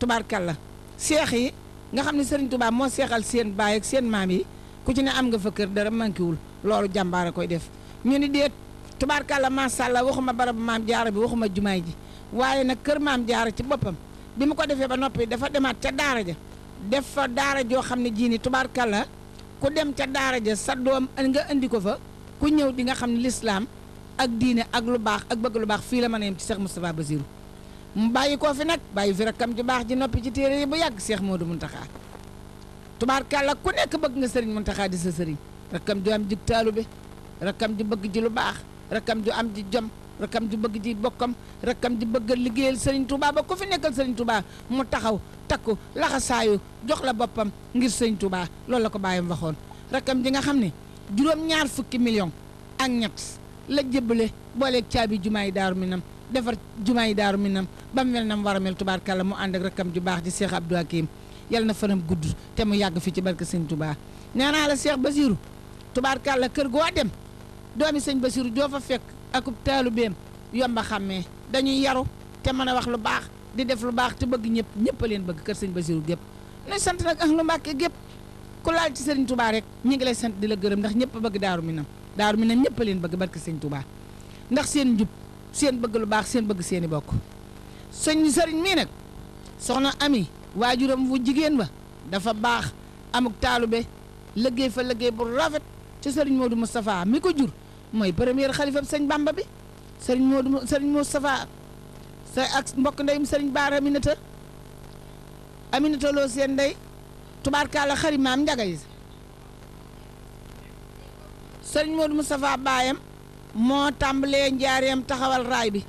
tubaarkàlla cheikh yi nga xamni serigne touba mo cheikhal sen seen ak sen mam yi ku ci ne am nga fa keur dara manki wul lolu jàmbaar koy def ñu ni déet ma sha allah waxuma barab maam jaar bi waxuma jumaay ji waye nak keur mam jaar ci bopam bi mu ko defé ba nopi dafa demat ca daara ja def fa daara jo xamni jini jii ku dem ca daara ja sa dom nga andi ko fa ku ñew di nga xamni l'islam ak diine ak lu baax ak bëgg lu baax fii la mën a yem ci Cheikh Moustapha Basirou mu bàyyi koo fi nag bàyyi fi rakkam ji baax ji noppi ci téere yi bu yàgg Cheikh Modou Mountakha tubaarkàlla ku nekk bëgg nga sëriñ Mountakha di sa sëriñ rakkam ju am jig taalu bi rakkam ji bëgg ji lu baax rakkam ju am ji jom rakkam ji bëgg ji bokkam rakkam ji bëgg liggéeyal sëriñ Touba ba ku fi nekkal sëriñ Touba mu taxaw takku laxasaayu jox la boppam ngir sëriñ Touba loolu la ko bàyyam waxoon rakkam ji nga xam ne juróom-ñaar fukki million ak ñett la jébbale booleeg caabi yi daaru minam defar jumaay daaru minam ba mu mel nam war a mel tubaarkàlla mu ànd ak rakkam ju baax di Cheikh Abdou Hakim yal na fanam gudd te mu yàgg fi ci barke sëñ Touba nee naa la Cheikh Basirou tubaarkàlla kër goo dem doomi sëñ Basirou joo fa fekk akub taalubeem yomba xàmmee dañuy yaru te mën a wax lu baax di def lu baax te bëgg ñëpp ñëpp leen bëgg kër sëñ Basirou gépp nañ sant nag ak lu Mbàkke gépp ku laal ci sëriñ Touba rek ñu ngi lay sant di la gërëm ndax ñëpp bëgg daaru minam daaru mi neen ñëpp leen bëgg barke sëñ Touba ndax seen njub seen bëgg lu baax seen bëgg seeni bokk sëñ sëriñ mi nag soxna ami waajuram wu jigéen ba dafa baax amuk taalube liggéey fa liggéey bu rafet ci sëriñ Modou Moustapha mi ko jur mooy première xalifam sëñ Bamba bi sëriñ Modou sëriñ Moustapha sa ak mbokk ndeyum sëriñ Baara Aminata Aminata lo seen ndey tubaarkaala xarimaam njaga sëriñ Modou Moustapha bayam mo tàmbalee njaareem taxawal raay bi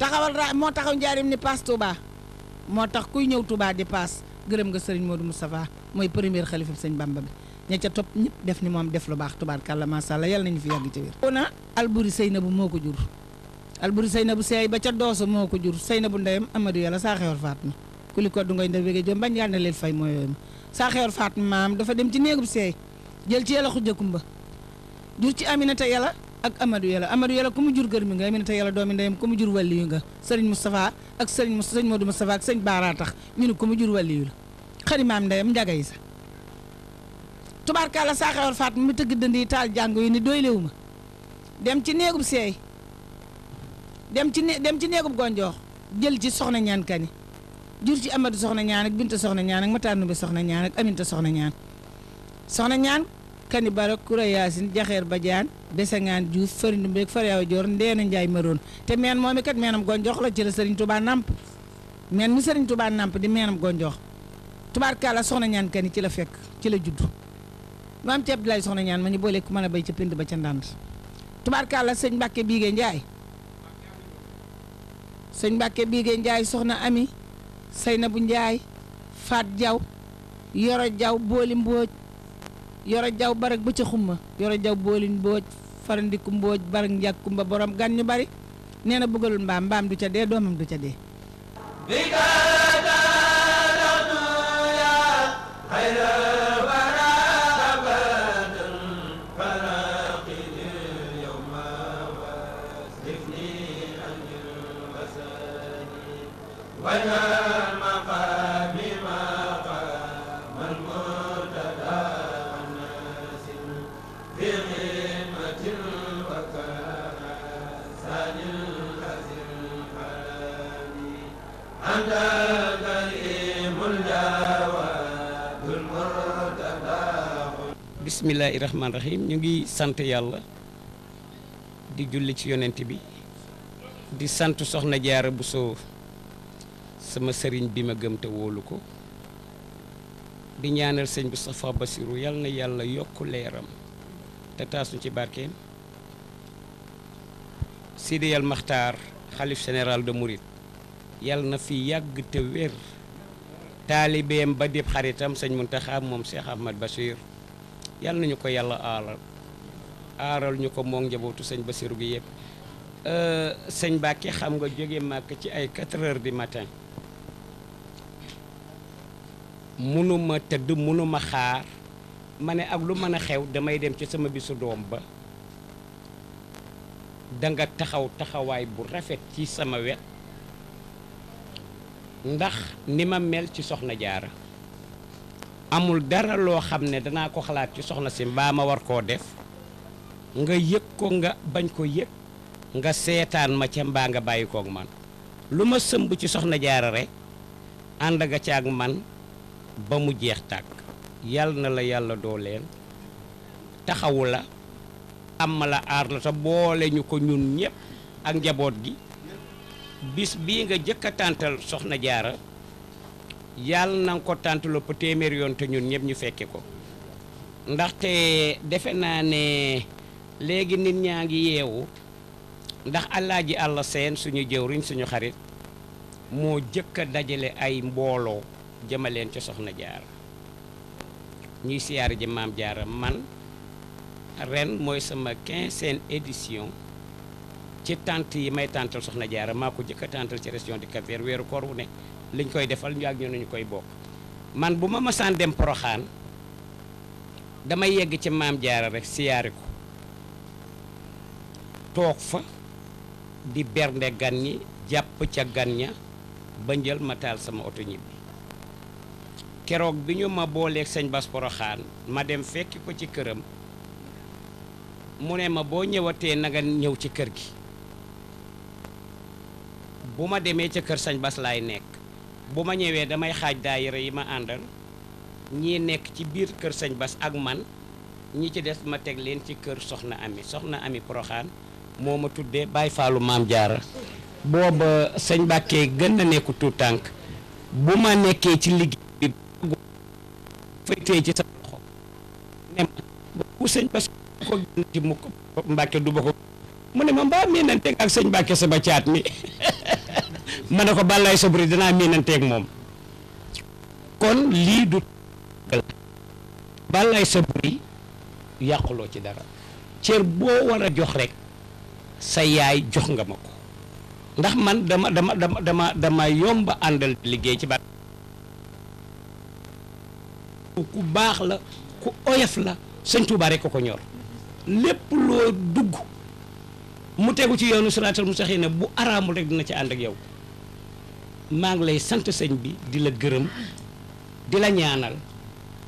taxawal raay mo taxaw njaareem ni paas Touba moo tax kuy ñëw Touba di paas gërëm nga sëriñ Modou Moustapha mooy premier xalifa sëñ Bamba bi ña ca topp ñëpp def ni moom def lu baax tubaarkàlla macha allah yal nañu fi yàgg ci ona Alburi Seynabu nabu ko jur Alburi Seynabu nabu ba ca doso moo ko jur Seynabu ndeyam Amadou yàlla saa xewar Fatma kuli ko du ngoy nda wége jom bañ yàlla fay mooy yooyu ma saa xewar dafa dem ci jël ci yàlla xujja kumba jur ci aminata yàlla ak amadu yàlla amadu yàlla ku mu jur gërmi nga aminata yàlla doomi ndeyam ku mu jur yu nga sëriñ moustapha ak sëriñ m sëñ modou moustapha ak sëñ baara tax ñu ne ku mu jur yu la xarimaam ndeyam njaga yi sa tubaarkaala saa faat mi tëgg dënd taal jàngo yu ni doy dem ci néegub seey dem ci dem ci néegub gonjoox jël ci soxna ñaan kani jur ci amadou soxna ñaan ak binta soxna ñaan ak matanu bi soxna ñaan ak aminta soxna ñaan soxna ñaan kani barak kura yaasin jaxeer bajaan besangaan juuf farindu mbeeg fariyaaw joor ndeena njaay maroon te meen moom i kat meenam gonjox la ci la sëriñ tubaa namp meen mi sëriñ tubaa namp di meenam gonjox tubaarkaala soxna ñaan kani ci la fekk ci la judd maam ci Abdoulaye soxna ñaan ma ñu boole ku mën a bay ca pind ba ca ndànd tubaarkaala sëñ mbàkke biige njaay sëñ mbàkke biige njaay soxna ami sayna bu njaay faat jaw yoro jaw booli yore jaw barak ba ca xumma yore jaw boolin booj farandiku mbooj barak yakum ba borom gan ñu bari neena na bëggalul mbam mbaam du ca dee du ca dé Yeah. bismillaahi rahmaani rahiim ñu ngi sant yàlla di julli ci yonent bi di sant soxna jaara bu soo sama sëriñ bi ma gëm te wóolu ko di ñaanal sëñ bu safa basiru yal na yàlla yokk leeram te taasuñ ci barkeem sidiyal maxtaar xalif général de Mouride yal na fi yàgg te wér taalibeem ba dib xaritam sëñ muntaxa moom Cheikh Ahmad Bachir yal nañu ko yalla aaral aaral ñu ko moom njabootu sëñ Basiru gi euh sëñ bakki xam nga joggé màkk ci ay 4 h du matin munuma tedd munuma xaar mané ak lu mëna xew damay dem ci sama bisu dom ba danga taxaw taxaway bu rafet ci sama wet ndax nima mel ci soxna jaara amul dara loo xam ne danaa ko xalaat ci soxna si mbaa ma war koo def nga yëg ko nga bañ ko yëg nga seetaan ma ca mbaa nga bàyyi koog man lu ma sëmb ci soxna jaara rek ànd nga ca ak man ba mu jeex tàkk yal na la yàlla dooleel taxawu la am la aar la te boole ñu ko ñun ñëpp ak njaboot gi bis bii nga jëkk a tàntal soxna jaara yàlla na ko tànt lopp téeméer yoon te ñun ñëpp ñu fekke ko ndaxte defe naa ne léegi nit ñaa ngi yeewu ndax allaaji Alla Seen suñu riñ suñu xarit moo jëkk a dajale ay mbooloo jëmaleen ca Soxna Jaara ñuy siyaare ji Maam Jaara man ren mooy sama seen édition ci tànt yi may tàntal Soxna Jaara maa ko jëkk a tàntal ci région de cap weeru koor wu ne lañ koy defal ñu ak ñu koy bokk man bu ma masaan dem poroxaan dama yegg ci maam jaara rek siyaari ko toog fa di bernde gan ñi jàpp ca gan ña ba njël ma taal sama oto ñibbi keroog bi ñu ma booleeg sëñ Bas Poroxaan ma dem fekki ko ci këram mu ne ma boo ñëwatee na ñëw ci kër gi bu ma demee ca kër sëñ Bas laay nekk buma ma damay xaj daayira yi ma andal ñi nekk ci biir kër sëñ Bas ak man ñi ci dess ma teg leen ci kër Soxna Ami Soxna Ami proxan moma tuddé bay Baye mam Jaara booba sëñ Mbàkke gën na nekk tout tank buma nekké ci liggéey bi fété ci sa xox ne ku bu sëñ Bas ko gën ci mukk Mbàkke du bako ko mu ne ma mbaa mii nante ak sëñ sa ba caat mi ma ne ko bàllaay saburi danaa miinanteeg moom kon lii du bàllaay saburi yàquloo ci dara cër boo war a jox rek sa yaay jox nga ma ko ndax man dama dama dama dama dama yomba àndal liggéey ci ba ku baax la ku oyof la sëñ Tuubaa rek ko ñor lépp loo dugg mu tegu ci yoonu siraatal mustaqiim ne bu araamul rek dina ci ànd ak yow maa ngi lay sant sëñ bi di la gërëm di la ñaanal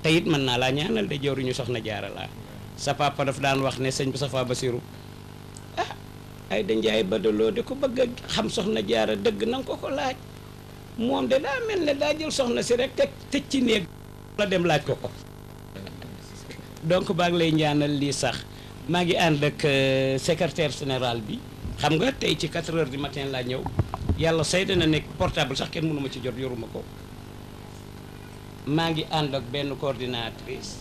te it mën naa laa ñaanal de jooruñu soxna jaara laa sa papa daf daan wax ne sëñ bi Safa Basiru ah ay da njaay badaloo de ko bëgg a xam soxna jaara dëgg nan ko ko laaj moom de daa mel ne daa jël soxna si rek teg tëj ci néeg la dem laaj ko ko donc maa ngi lay ñaanal lii sax maa ngi ànd ak euh, secrétaire général bi xam nga tey ci 4 heures du matin laa ñëw yàlla sayda na nekk portable sax kenn mënuma ci jot yoruma ko maa ngi ànd ak benn coordinatrice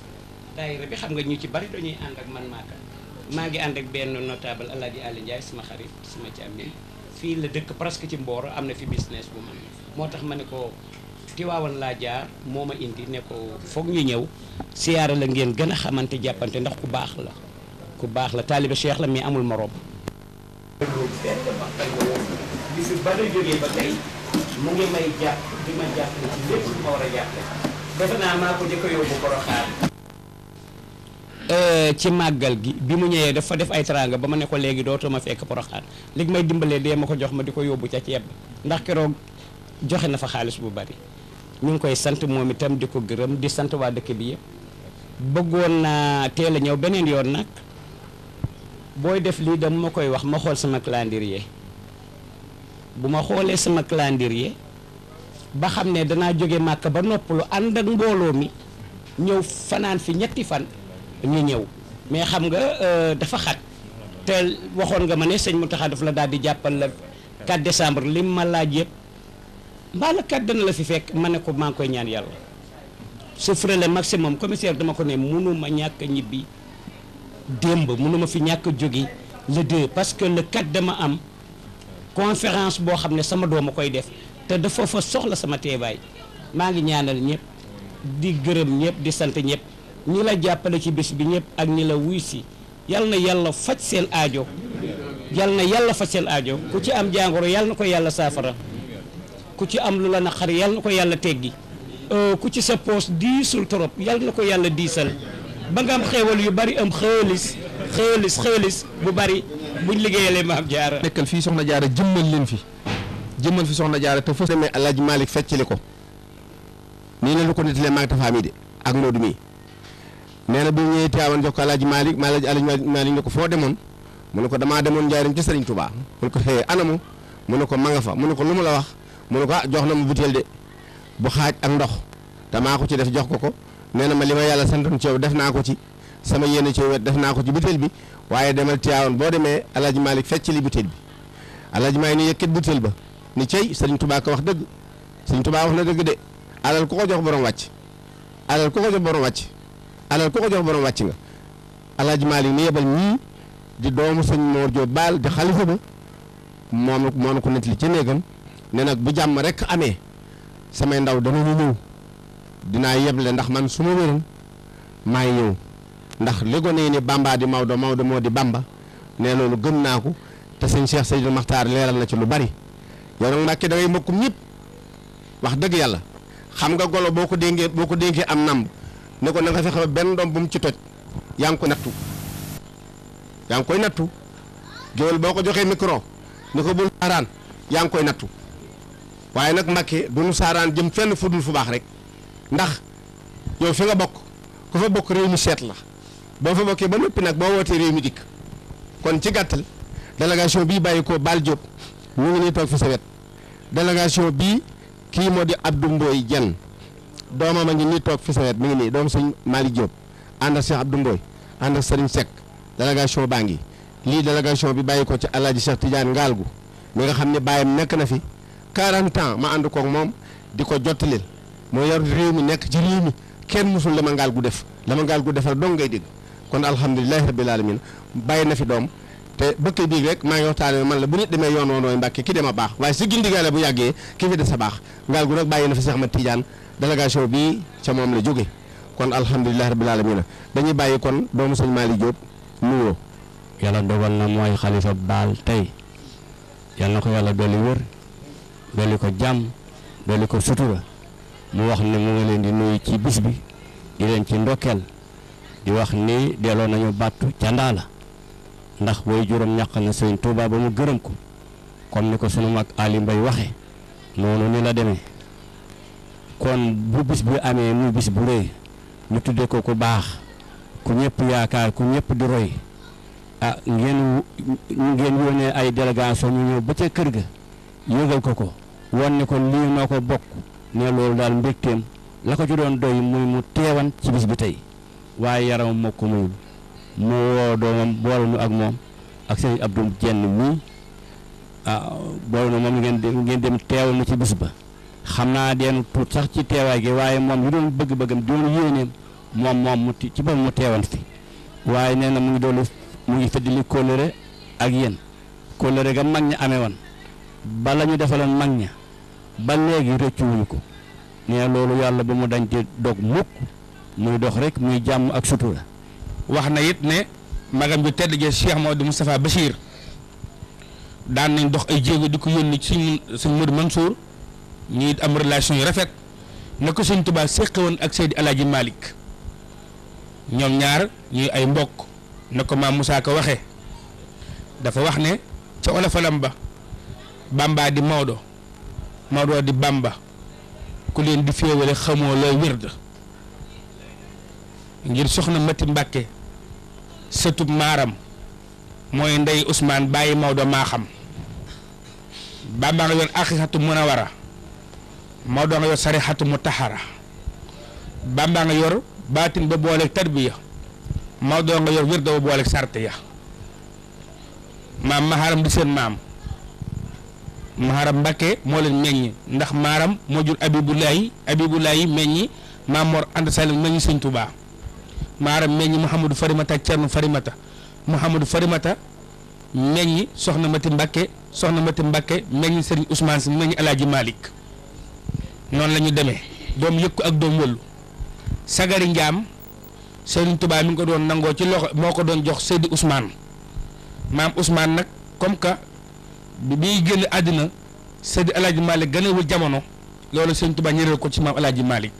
daayira bi xam nga ñu ci bari dañuy ànd ak man maaka maa ngi ànd ak benn notable Alaaji Ali Ndiaye sama xarit sama càmmiñ fii la dëkk presque ci mboor am na fi business bu man moo tax ma ne ko Tiwaawan laa jaar moo ma indi ne ko foog ñu ñëw siyaara la ngeen gën a xamante jàppante ndax ku baax la ku baax la taalibe Cheikh la mi amul moroom bi fi Badou jógee ba tey mu ngi may jàpp di ma jàppale ci lépp lu ma war a jàppale defe naa maa ko jëkk yóbbu Porokhane euh, ci màggal gi bi mu ñëwee dafa def ay teraanga ba ma ne ko léegi dootuma fekk Porokhane li may dimbalee dee ma ko jox ma di ko yóbbu ca ceeb ndax keroog joxe na fa xaalis bu bari ñu ngi koy sant moom itam di ko gërëm di sant waa dëkk bi yëpp bëggoon naa teel a ñëw beneen yoon nag booy def lii dama ma koy wax ma xool sama calendrier. buma xolé xoolee sama calendrier ba xamné dana joggé makka màkk ba noppalu and ak mbolo mi ñew fanan fi ñetti fan ñu ñew mais xam nga euh dafa xat té waxon nga mané ne moutakha Mountakha daf la daldi jappal la 4 décembre lim ma laaj yépp mbaa la kat dana la fi fekk mané ko ma koy ñaan yalla su frele maximum commissaire dama ko ne mënuma ñàkk ñibbi démb mënuma fi ñak jóge le 2 parce que le 4 dama am conférence boo xam ne sama doom a koy def te dafa fa soxla sama teebaay maa ngi ñaanal ñëpp di gërëm ñëpp di sant ñëpp ñi la jàppale ci bés bi ñëpp ak ñi la wuy si yal na yàlla faj seen aajo yal na yàlla faj seen aajo ku ci am jàngoro yal na ko yàlla saafara ku ci am lu la na naqari yal na ko yàlla teggi euh, ku ci sa poos diisul trop yal na ko yàlla diisal ba nga am xéewal yu bari am xaalis xaalis xaalis bu bari buñ liggéeyalee maam jaara nekkal fii soxna jaara jëmmal leen fi jëmmal fi soxna jaara te fas demee alaaji Malick feccali ko nii la lu ko nettalee maa ngi tafaam yi de ak Modou mi bu ñëwee Tiwaawan jox ko alaaji Malick ma alaaji alaaji Malick ne ko foo demoon mu ne ko damaa demoon njaarim ci Serigne Touba mu ne ko xëyee anamu mu ne ko ma nga fa mu ne ko lu mu la wax mu ne ko ah jox na ma butéel de bu xaaj ak ndox te maa ko ci def jox ko ko nee na ma li ma yàlla santoon ci def naa ko ci sama yéene ci yow def naa ko ci butéel bi waaye demal Tiwaawan boo demee Alaaji Maalik fecc li butéel bi Alaaji Maalik ni yëkkat butéel ba ni cey Sëriñ Tubaa wax dëgg Sëriñ Tubaa wax na dëgg de alal ku ko jox borom wàcc alal ko jox wàcc alal ko jox borom wàcc nga Alaaji Maalik ni yebal ñii di doomu sëñ Moor Jóob Baal di xalifa ba moom moo na ko nett li ca néegam ne nag bu jàmm rek amee samay ndaw danañu ñëw dinaa yeble ndax man suma ma wéroon maay ñëw ndax legone ini ni Bamba di mawdo mawdo modi di Bamba ne lolou gëm nako te seigne Cheikh Seydou Makhtar leral na ci lu bari yow nak makki da ngay mbokkum ñep wax deug yalla xam nga golo boko ko boko boo am nam ne ko nga fexe ben dom bu mu ci toj yang ko nattu yang koy nattu géwél boko ko micro ne ko bu saran yang koy nattu waye nak makki bu nu saran jëm fenn fudul fu bax rek ndax yow fi nga bok ko fa bok mi set la boo fa bokkee ba nopi nak bo wootee réew mi dik kon ci gattal délégation bi bayiko bal Baal ñu ngi tok fi sa délégation bii kii di Abdou Mboy jenn doomam ngi ni tok fi sa mi ngi ni doom sëñ mali Diop and ak Cheikh Abdou Mboy and ak Serigne sek délégation bangi li bi bayiko ci aladi Cheikh Tidiane Ngalgu mi nga xamni ne nek na fi 40 ans ma ànd ko ak di ko jottalil moyor yor réew mi nek ci réew mi kenn musul la ma def la ma gu defal dong ngay deg kon alhamdulillah rabbil alamin bàyyi na fi dom te bëkk bi rek ma ngi waxtane man la bu nit demé yoon wono mbacké ki déma bax way ci gindi gindigaale bu yaggé ki fi dé sa bax ngal gu nak bàyyi na fi Cheikh Ahmed Tidiane délégation bi ci mom la joggé kon alhamdulilahi rabbil alamin dañuy bàyyi kon doomu seigne mali Diop nuyo yalla dogal na moy khalifa bal tay yalla ko wër doli ko jam doli ko sutura mu wax ni mo ngi len di nuyu ci bis bi di len ci di wax ni delloo nañu bàttu ca ndaa la ndax way juróom ñàqal na sëriñ Touba ba mu gërëm ko comme ni ko suñu mag Ali Mbay waxee noonu ni la demee kon bu bis bi amee mu bis bu rëy ñu tuddee ko ko baax ku ñëpp yaakaar ku ñëpp di roy ah ngeen ngeen yónnee ay délégation ñu ñëw ba ca kër ga yëgal ko ko wan ne ko lii noo ko bokk ne loolu daal mbégteem la ko ci doon doy muy mu teewan ci bis bi tey waaye yaramam moo ko mayul mu woo doomam boole nu ak moom ak sëriñ Abdou Jenn mii ah boole nu moom ngeen dem ngeen dem teewal na ci bis ba xam naa deen tuut sax ci teewaay gi waaye moom li doon bëgg-bëggam doon yéeneem moom moom mu ci ba mu teewal fi waaye nee na mu ngi doolu mu ngi fëddi li kóllëre ak yéen kóllëre ga mag ña amee woon ba la ñu defaloon mag ña ba léegi rëccuwuñu ko nee loolu yàlla ba mu dañ ci dog mukk muy dox rek muy jam ak sutura waxna yit ne magam bi tedd ja Cheikh modou mustapha bashir dan nañ dox ay jéego diko yoni ci sëñ Modou Mansour ñuy am relation yu rafet na ko sëñ Tuubaa séqe woon ak Seydi Alaaji malik ñom ñaar ñi ay mbokk ko Moussa ko waxe dafa wax ne ca olafalam ba Bamba di Maodo Maodo di Bamba ku len di féewale xamoo lay wirda ngir soxna Mati Mbàkke sëtub maaram mooy ndey Ousmane bàyyi Maodo maa xam bàmbaa nga yor aqixatu munawara Maodo nga yor sarixatu mutahara bàmbaa nga yor baatin ba booleeg tarbiya Maodo nga yor wirda ba booleeg sart ya maam maharam di seen maam maharam Mbàkke moo leen meññ ndax maaram moo jur Abibulaay Abibulaay meññi maam Mor Anta Salim meññi Tubaa maaram meññi Mouhamadou Farimata ak Thierno Farimata Mouhamadou Farimata meññi soxna Mati Mbacke soxna Mati Mbacke meññi Serigne Ousmane si meññi El Hadj malik noonu la ñu demee doom yëkku ak doom wëllu sagari njaam Serigne Touba mi ngi ko doon nangoo ci loxo moo ko doon jox sedd Ousmane maam Ousmane nag comme que bi muy génn àddina sedd El Hadj Malick ganewul jamono loolu Serigne Touba ñëral ko ci maam El Hadj Malick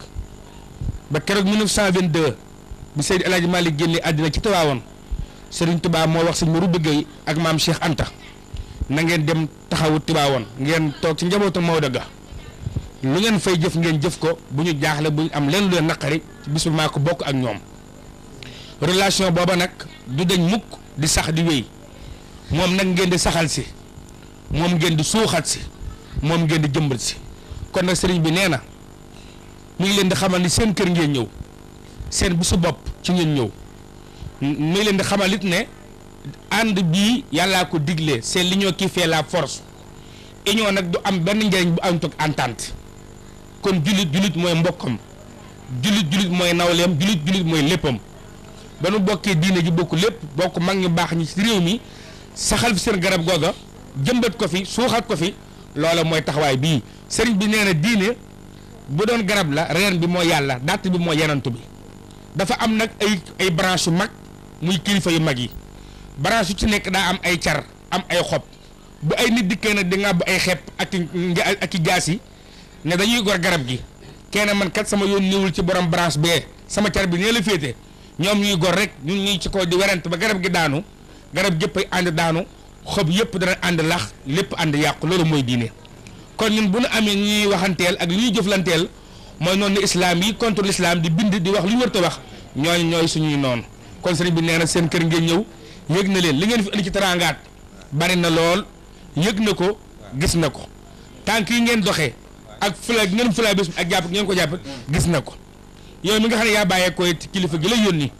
ba keroog 1922. bi Seydi El malik genné adina ci tawawon Serigne Touba mo wax serigne Mourou Bëggey ak mam Cheikh Anta na ngeen dem taxawu tibawon ngeen tok ci njabotu Maodo ga lu ngeen fay jëf ngeen jëf ko buñu ñu jaaxle am leen lu nakari ci bisbu mako ak ñom relation boba nak du deñ mukk di sax di wey mom nak ngeen di saxal si mom ngeen di suxat si mom ngeen di jëmbal ci kon nak serigne bi neena leen di xamal ni seen kër ngeen ñew seen bisu bopp ci ngeen ñëw mi leen di xamalit ne ànd bii yàllaa ko digle seen l'union qui fait la force union nag du am benn njëriñ bu am toog entente kon jullit jullit mooy mbokkam jullit jullit mooy nawleem jullit jullit mooy léppam ba nu bokkee diine ji bokk lépp bokk mag ñu baax ñi ci réew mi saxal fi seen garab googa jëmbat ko fi suuxat ko fi loola mooy taxawaay bii sëriñ bi nee na diine bu doon garab la reen bi mooy yàlla dàtt bi mooy yenantu bi dafa am nak ay ay branche yu mag muy kilifa yu mag yi branche ci nek da am ay am ay xop bu ay nit dikke nag di ngàbb ay xep ak ak i ne dañuy gor garab gi kenn man kat sama yoon néewul ci borom branche be sama car bi ne la fete ñom ñuy gor rek ñun ñi ci ko di werante ba garab gi daanu garab gépp ay and daanu xop yep dana and lax lepp and yaq lolu moy diine kon ñun bu nu amé ñi waxantel ak ñi jëflantel mooy noonu ne islaam yi contre l'islam di bind di wax lu ñu wër wax ñooñu ñooy suñuy noonu kon sëriñ bi nee na seen kër ngeen ñëw yëg na leen li ngeen fi indi ci teraangaat bari na lool yëg na ko gis na ko tànk yi ngeen doxee ak fula ngeen fula bés ak jàpp ngeen ko jàpp gis na ko yow mi nga xam ne yaa bàyyeekoo it kilifa gi la yónni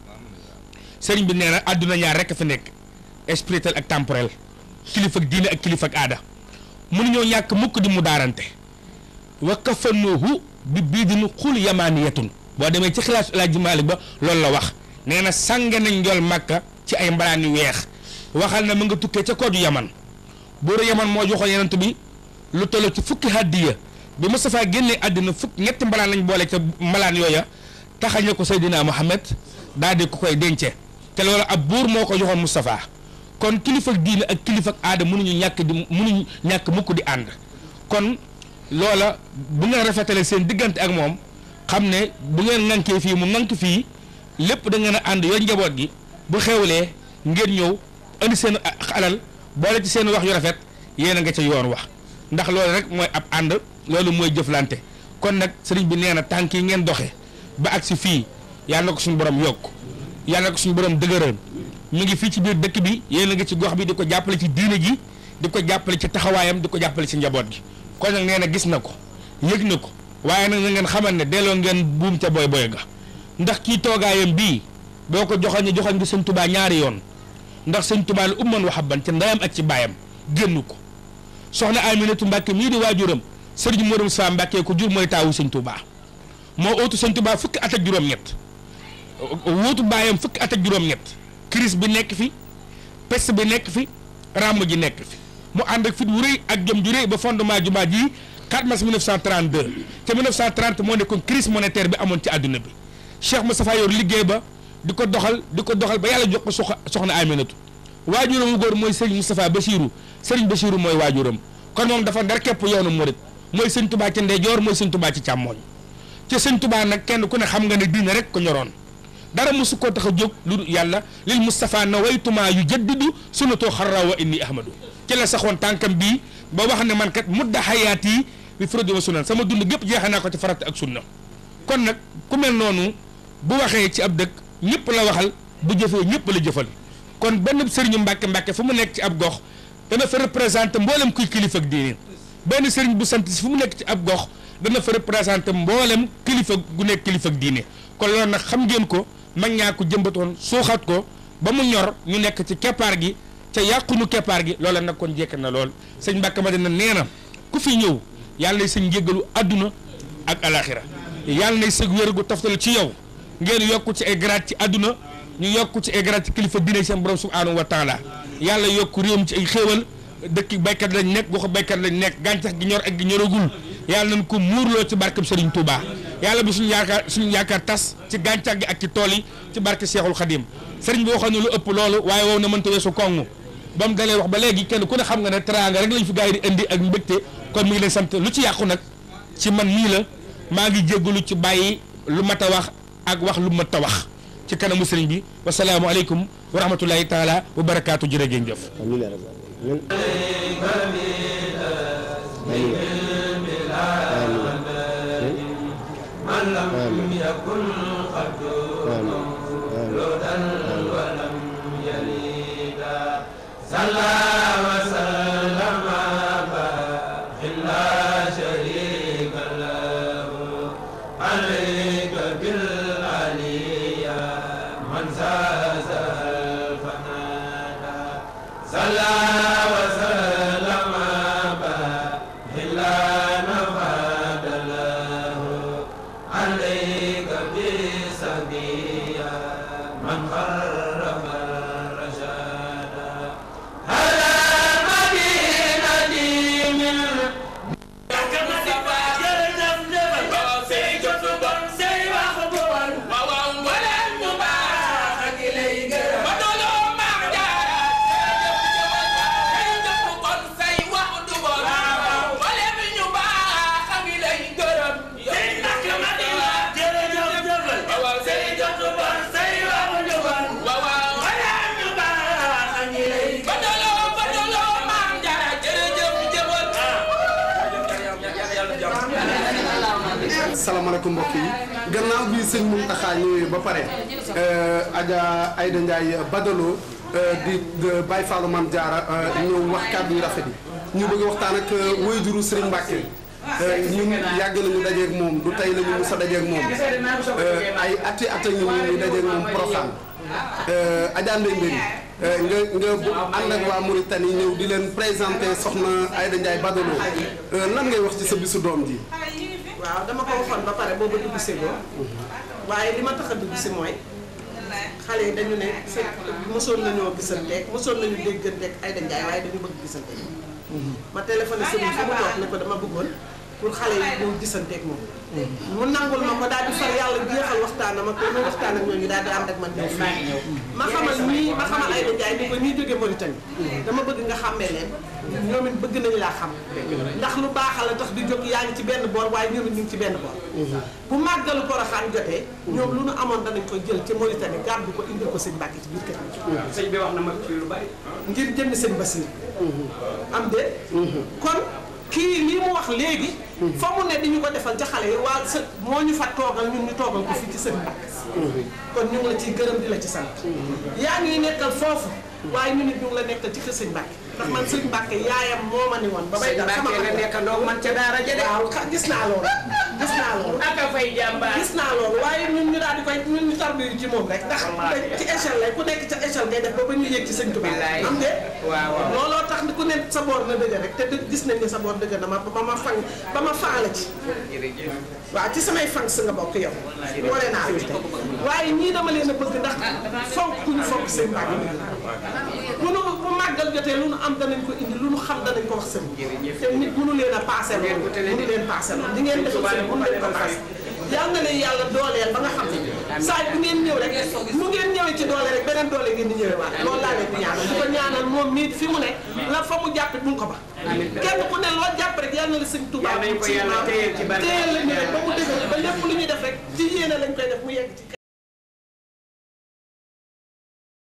seriñ bi nee na àdduna ñaar rek fi nekk spirituel ak temporel kilifa ak diine ak kilifa ak aada mënuñoo ñàkk mukk di mu daarante wa kafanuhu bi bii dinu xul yamaaniyatun boo demee ci xilaas Alaaji Maalik ba loolu la wax nee na sànga nañ njool màkka ci ay mbalaan yu weex waxal na mu nga tukkee ca kooju yaman buuru yaman moo joxoon yenent bi lu toll ci fukki hàddiya bi Moustapha génnee àddina fukki ñetti mbalaan lañ boole ca mbalaan yooya taxañe ko Seydina Muhammad daal di ko koy dencee te loolu ab buur moo ko joxoon Moustapha kon kilifa diine ak kilifa aada mënuñu ñàkk di ñàkk mukk di ànd loola bu ngeen rafetalee seen diggante ak moom xam ne bu ngeen ŋànkee fii mu ŋànk fii lépp da ngeen a ànd yooyu njaboot gi bu xewlee ngeen ñëw indi seen alal boole ci seen wax yu rafet yéen a nga ca yoon wax ndax loolu rek mooy ab ànd loolu mooy jëflante kon nag sëriñ bi nee na tànk yi ngeen doxe ba agsi fii yàlla na ko suñu borom yokk yàlla ko suñu borom dëgëral mu ngi fii ci biir dëkk bi yéen a nga ci gox bi di ko jàppale ci diine ji di ko jàppale ci taxawaayam di ko jàppale ci njaboot gi kon nag nee gis na ko yëg na ko waaye nag na ngeen xamal ne delloo ngeen buum ca boy boy ga ndax kii toogaayam bii boo ko joxoon joxoon gi sëñ tubaa ñaari yoon ndax sëñ tubaa lu umman waxaban ci ndayam ak ci baayam génn ko soxna Aminatu Mbàkke mii di waajuram sëriñ Mourou saa Mbàkke ko jur mooy taawu sëñ tubaa moo ootu sëñ tubaa fukki at ak juróom-ñett wóotu baayam fukki at ak juróom-ñett crise bi nekk fi peste bi nekk fi ràmm ji nekk fi mu ànd ak fit wu rëy ak jom ju rëy ba fondement jumaa ji 4 mars 1932 te 1930 moo nekkoon crise monétaire bi amoon ci àdduna bi Cheikh Moustapha yor liggéey ba di ko doxal di ko doxal ba yàlla jox ko soxna Aminatu waajuram wu góor mooy Serigne Moustapha Bassirou Serigne Bassirou mooy waajuram kon moom dafa ndar képp yoonu murit mooy Sëñ Tubaa ci ndeyjoor mooy Sëñ Tubaa ci càmmooñ ci Sëñ Tubaa nag kenn ku ne xam nga ne diine rek ko ñoroon dara mosu koo tax a jóg lu yàlla lil Moustapha na waytumaa yu jaddidu sunnatoo xarra wa inni ahmadu ci la saxoon tànkam bii ba wax ne man kat mudda xayaat yi bi frodi wa sunan sama dund gépp jeexe naa ko ci farata ak sunna kon nag ku mel noonu bu waxee ci ab dëkk ñëpp la waxal bu jëfee ñëpp la jëfal kon benn sëriñu mbàkke mbàkke fu mu nekk ci ab gox dana fa représenté mboolem kuy kilifa ak diine benn sëriñ bu sant si fu mu nekk ci ab gox dana fa représenté mboolem kilifa gu nekk kilifa ak diine kon loolu nag xam ngeen ko mag ñaa ko jëmbatoon suuxat ko ba mu ñor ñu nekk ci keppaar gi ca yàqunu keppaar gi loola nag kon jekk na lool sëñ Mbàkke Madina nee na ku fi ñëw yàlla na sëñ jéggalu àdduna ak alaxira yàlla na sëg wér gu toftal ci yow ngeen yokku ci ay grade ci àdduna ñu yokku ci ay grade ci kilifa diine seen borom subhanahu wa taala yàlla yokku réewam ci ay xéewal dëkk baykat lañ nekk gox baykat lañ nekk gàncax gi ñor ak gi ñoragul yàlla nañ ko muurloo ci barkeb Serigne Touba yàlla bu suñu yaakaar suñu yaakaar tas ci gàncax gi ak ci tool yi ci barke Cheikhul Khadim Serigne bi waxoon na lu ëpp loolu waaye wow na mënta weesu kongu ba mu dalee wax ba léegi kenn ku ne xam nga ne teraanga rek lañ fi gars yi di indi ak mbégte mi ngi leen sant lu ci yàqu nag ci man nii la maa ngi jéggalu ci bàyyi lu mat a wax ak wax lu mat a wax ci kanamu Serigne bi wasalaamualeykum wa rahmatulahi taala wa barakaatu jërë ngeen jëf. Amén. salaamaaleykum mbokk yi gannaaw bi sëñ Mountakha ñëwee ba pare euh, Adja Aïda Ndiaye Badalo euh, di Baye Fallou Mame Diarra euh, ñëw wax kàddu rafet yi ñu bëgg waxtaan ak juru waajuru Serigne Mbacké ñun yàgg nañu dajeeg moom du tey la ñu mës a dajeeg moom ay ati ati ñu ñu dajeeg moom Porokhane Adja Ndeye Mbéri nga nga ànd ak waa Mauritanie ñëw di leen présenter soxna Aïda Ndiaye Badalo lan ngay wax ci sa bisu doom ji waaw dama ko waxoon ba pare boobu dugg si loo waaye li ma tax a dugg si mooy xale yi dañu ne sa mosoon nañoo gisanteeg mosoon nañu dégganteeg ay danjaay waaye dañu bëgg gisanteeg mhm. ma téléphoné sëriñ fa mu toog ne ko dama bëggoon pour xale yi ñëw gisanteeg moom. mu nangul ma ko daal di far yàlla jeexal waxtaanam ak li muy waxtaan ak ñooñu daal di ànd ak man ñëw fii. ma xamal nii ma xamal Aïda Ndiaye ni ko nii jóge Mauritanie. Mm. dama bëgg nga xàmmee leen. ñoom bëgg nañu laa xam. ndax lu baax la tax di jóg yaa ngi ci benn boor waaye ñoom it ñu ngi ci benn boor. Mm-hmm. bu màggalu Poroxaan jotee. Mm-hmm. ñoom lu nu amoon danañ ko jël ca Mauritanie gàddu ko indil ko sëñ Mbàkke ci biir kër gi. bi wax na ma ci lu bari. ngir jënd sëñ Basiir. Mm-hmm. am de kon kii lii mu wax léegi fa mu ne diñu ko defal ca xale yi waa sët moo ñu fa toogal ñun ñu toogal ko fi ci sët Mbàkke kon ñu ngi la ciy gërëm di la ci sant mm-hmm. yaa ngi nekkal foofu waaye ñu nit ñu ngi la nekkal ci kër sëñ Mbàkke ndax man sëñ Mbàkke yaayam moo ma ni woon. ba may dal sama la man ca daara ja de. waaw gis naa loolu gis naa loolu. a fay jàmbaar gis naa loolu waaye ñun ñu daal di koy ñun ñu tarbiyu ci moom rek. ndax ku nekk ca échelle def ba ba ñu yëg ci sëñ Tuubaa. am de waaw waaw looloo tax ku ne sa boor na dëgg rek te gis nañ ne sa boor dëgg dama ma ba ma fan ba ma fan la ci. waa ci samay fan si nga bokk yow. boole naa la tey waaye ñii dama leen a bëgg ndax fonk ku ñu fonk sëñ a mënoo màggal jotee lu nu am danañ ko indi lu nu xam danañ ko wax sëñ te nit mënu leen a paase loolu mënu leen paase loolu di ngeen def sëñ mënu leen ko paase yàlla na leen yàlla dooleel ba nga xam ne saa bu ngeen ñëw rek mu ngeen ñëwee ci doole rek beneen doole ngeen di ñëwee waat loolu laa leen di ñaanal di ko ñaanal moom mii fi mu ne la fa mu jàpp bu ko ba kenn ku ne loo jàpp rek yàlla na la sëñ Tuubaa téyel la ñu rek ba mu dëgër ba lépp lu ñuy def rek ci yéene lañ koy def mu yegg ci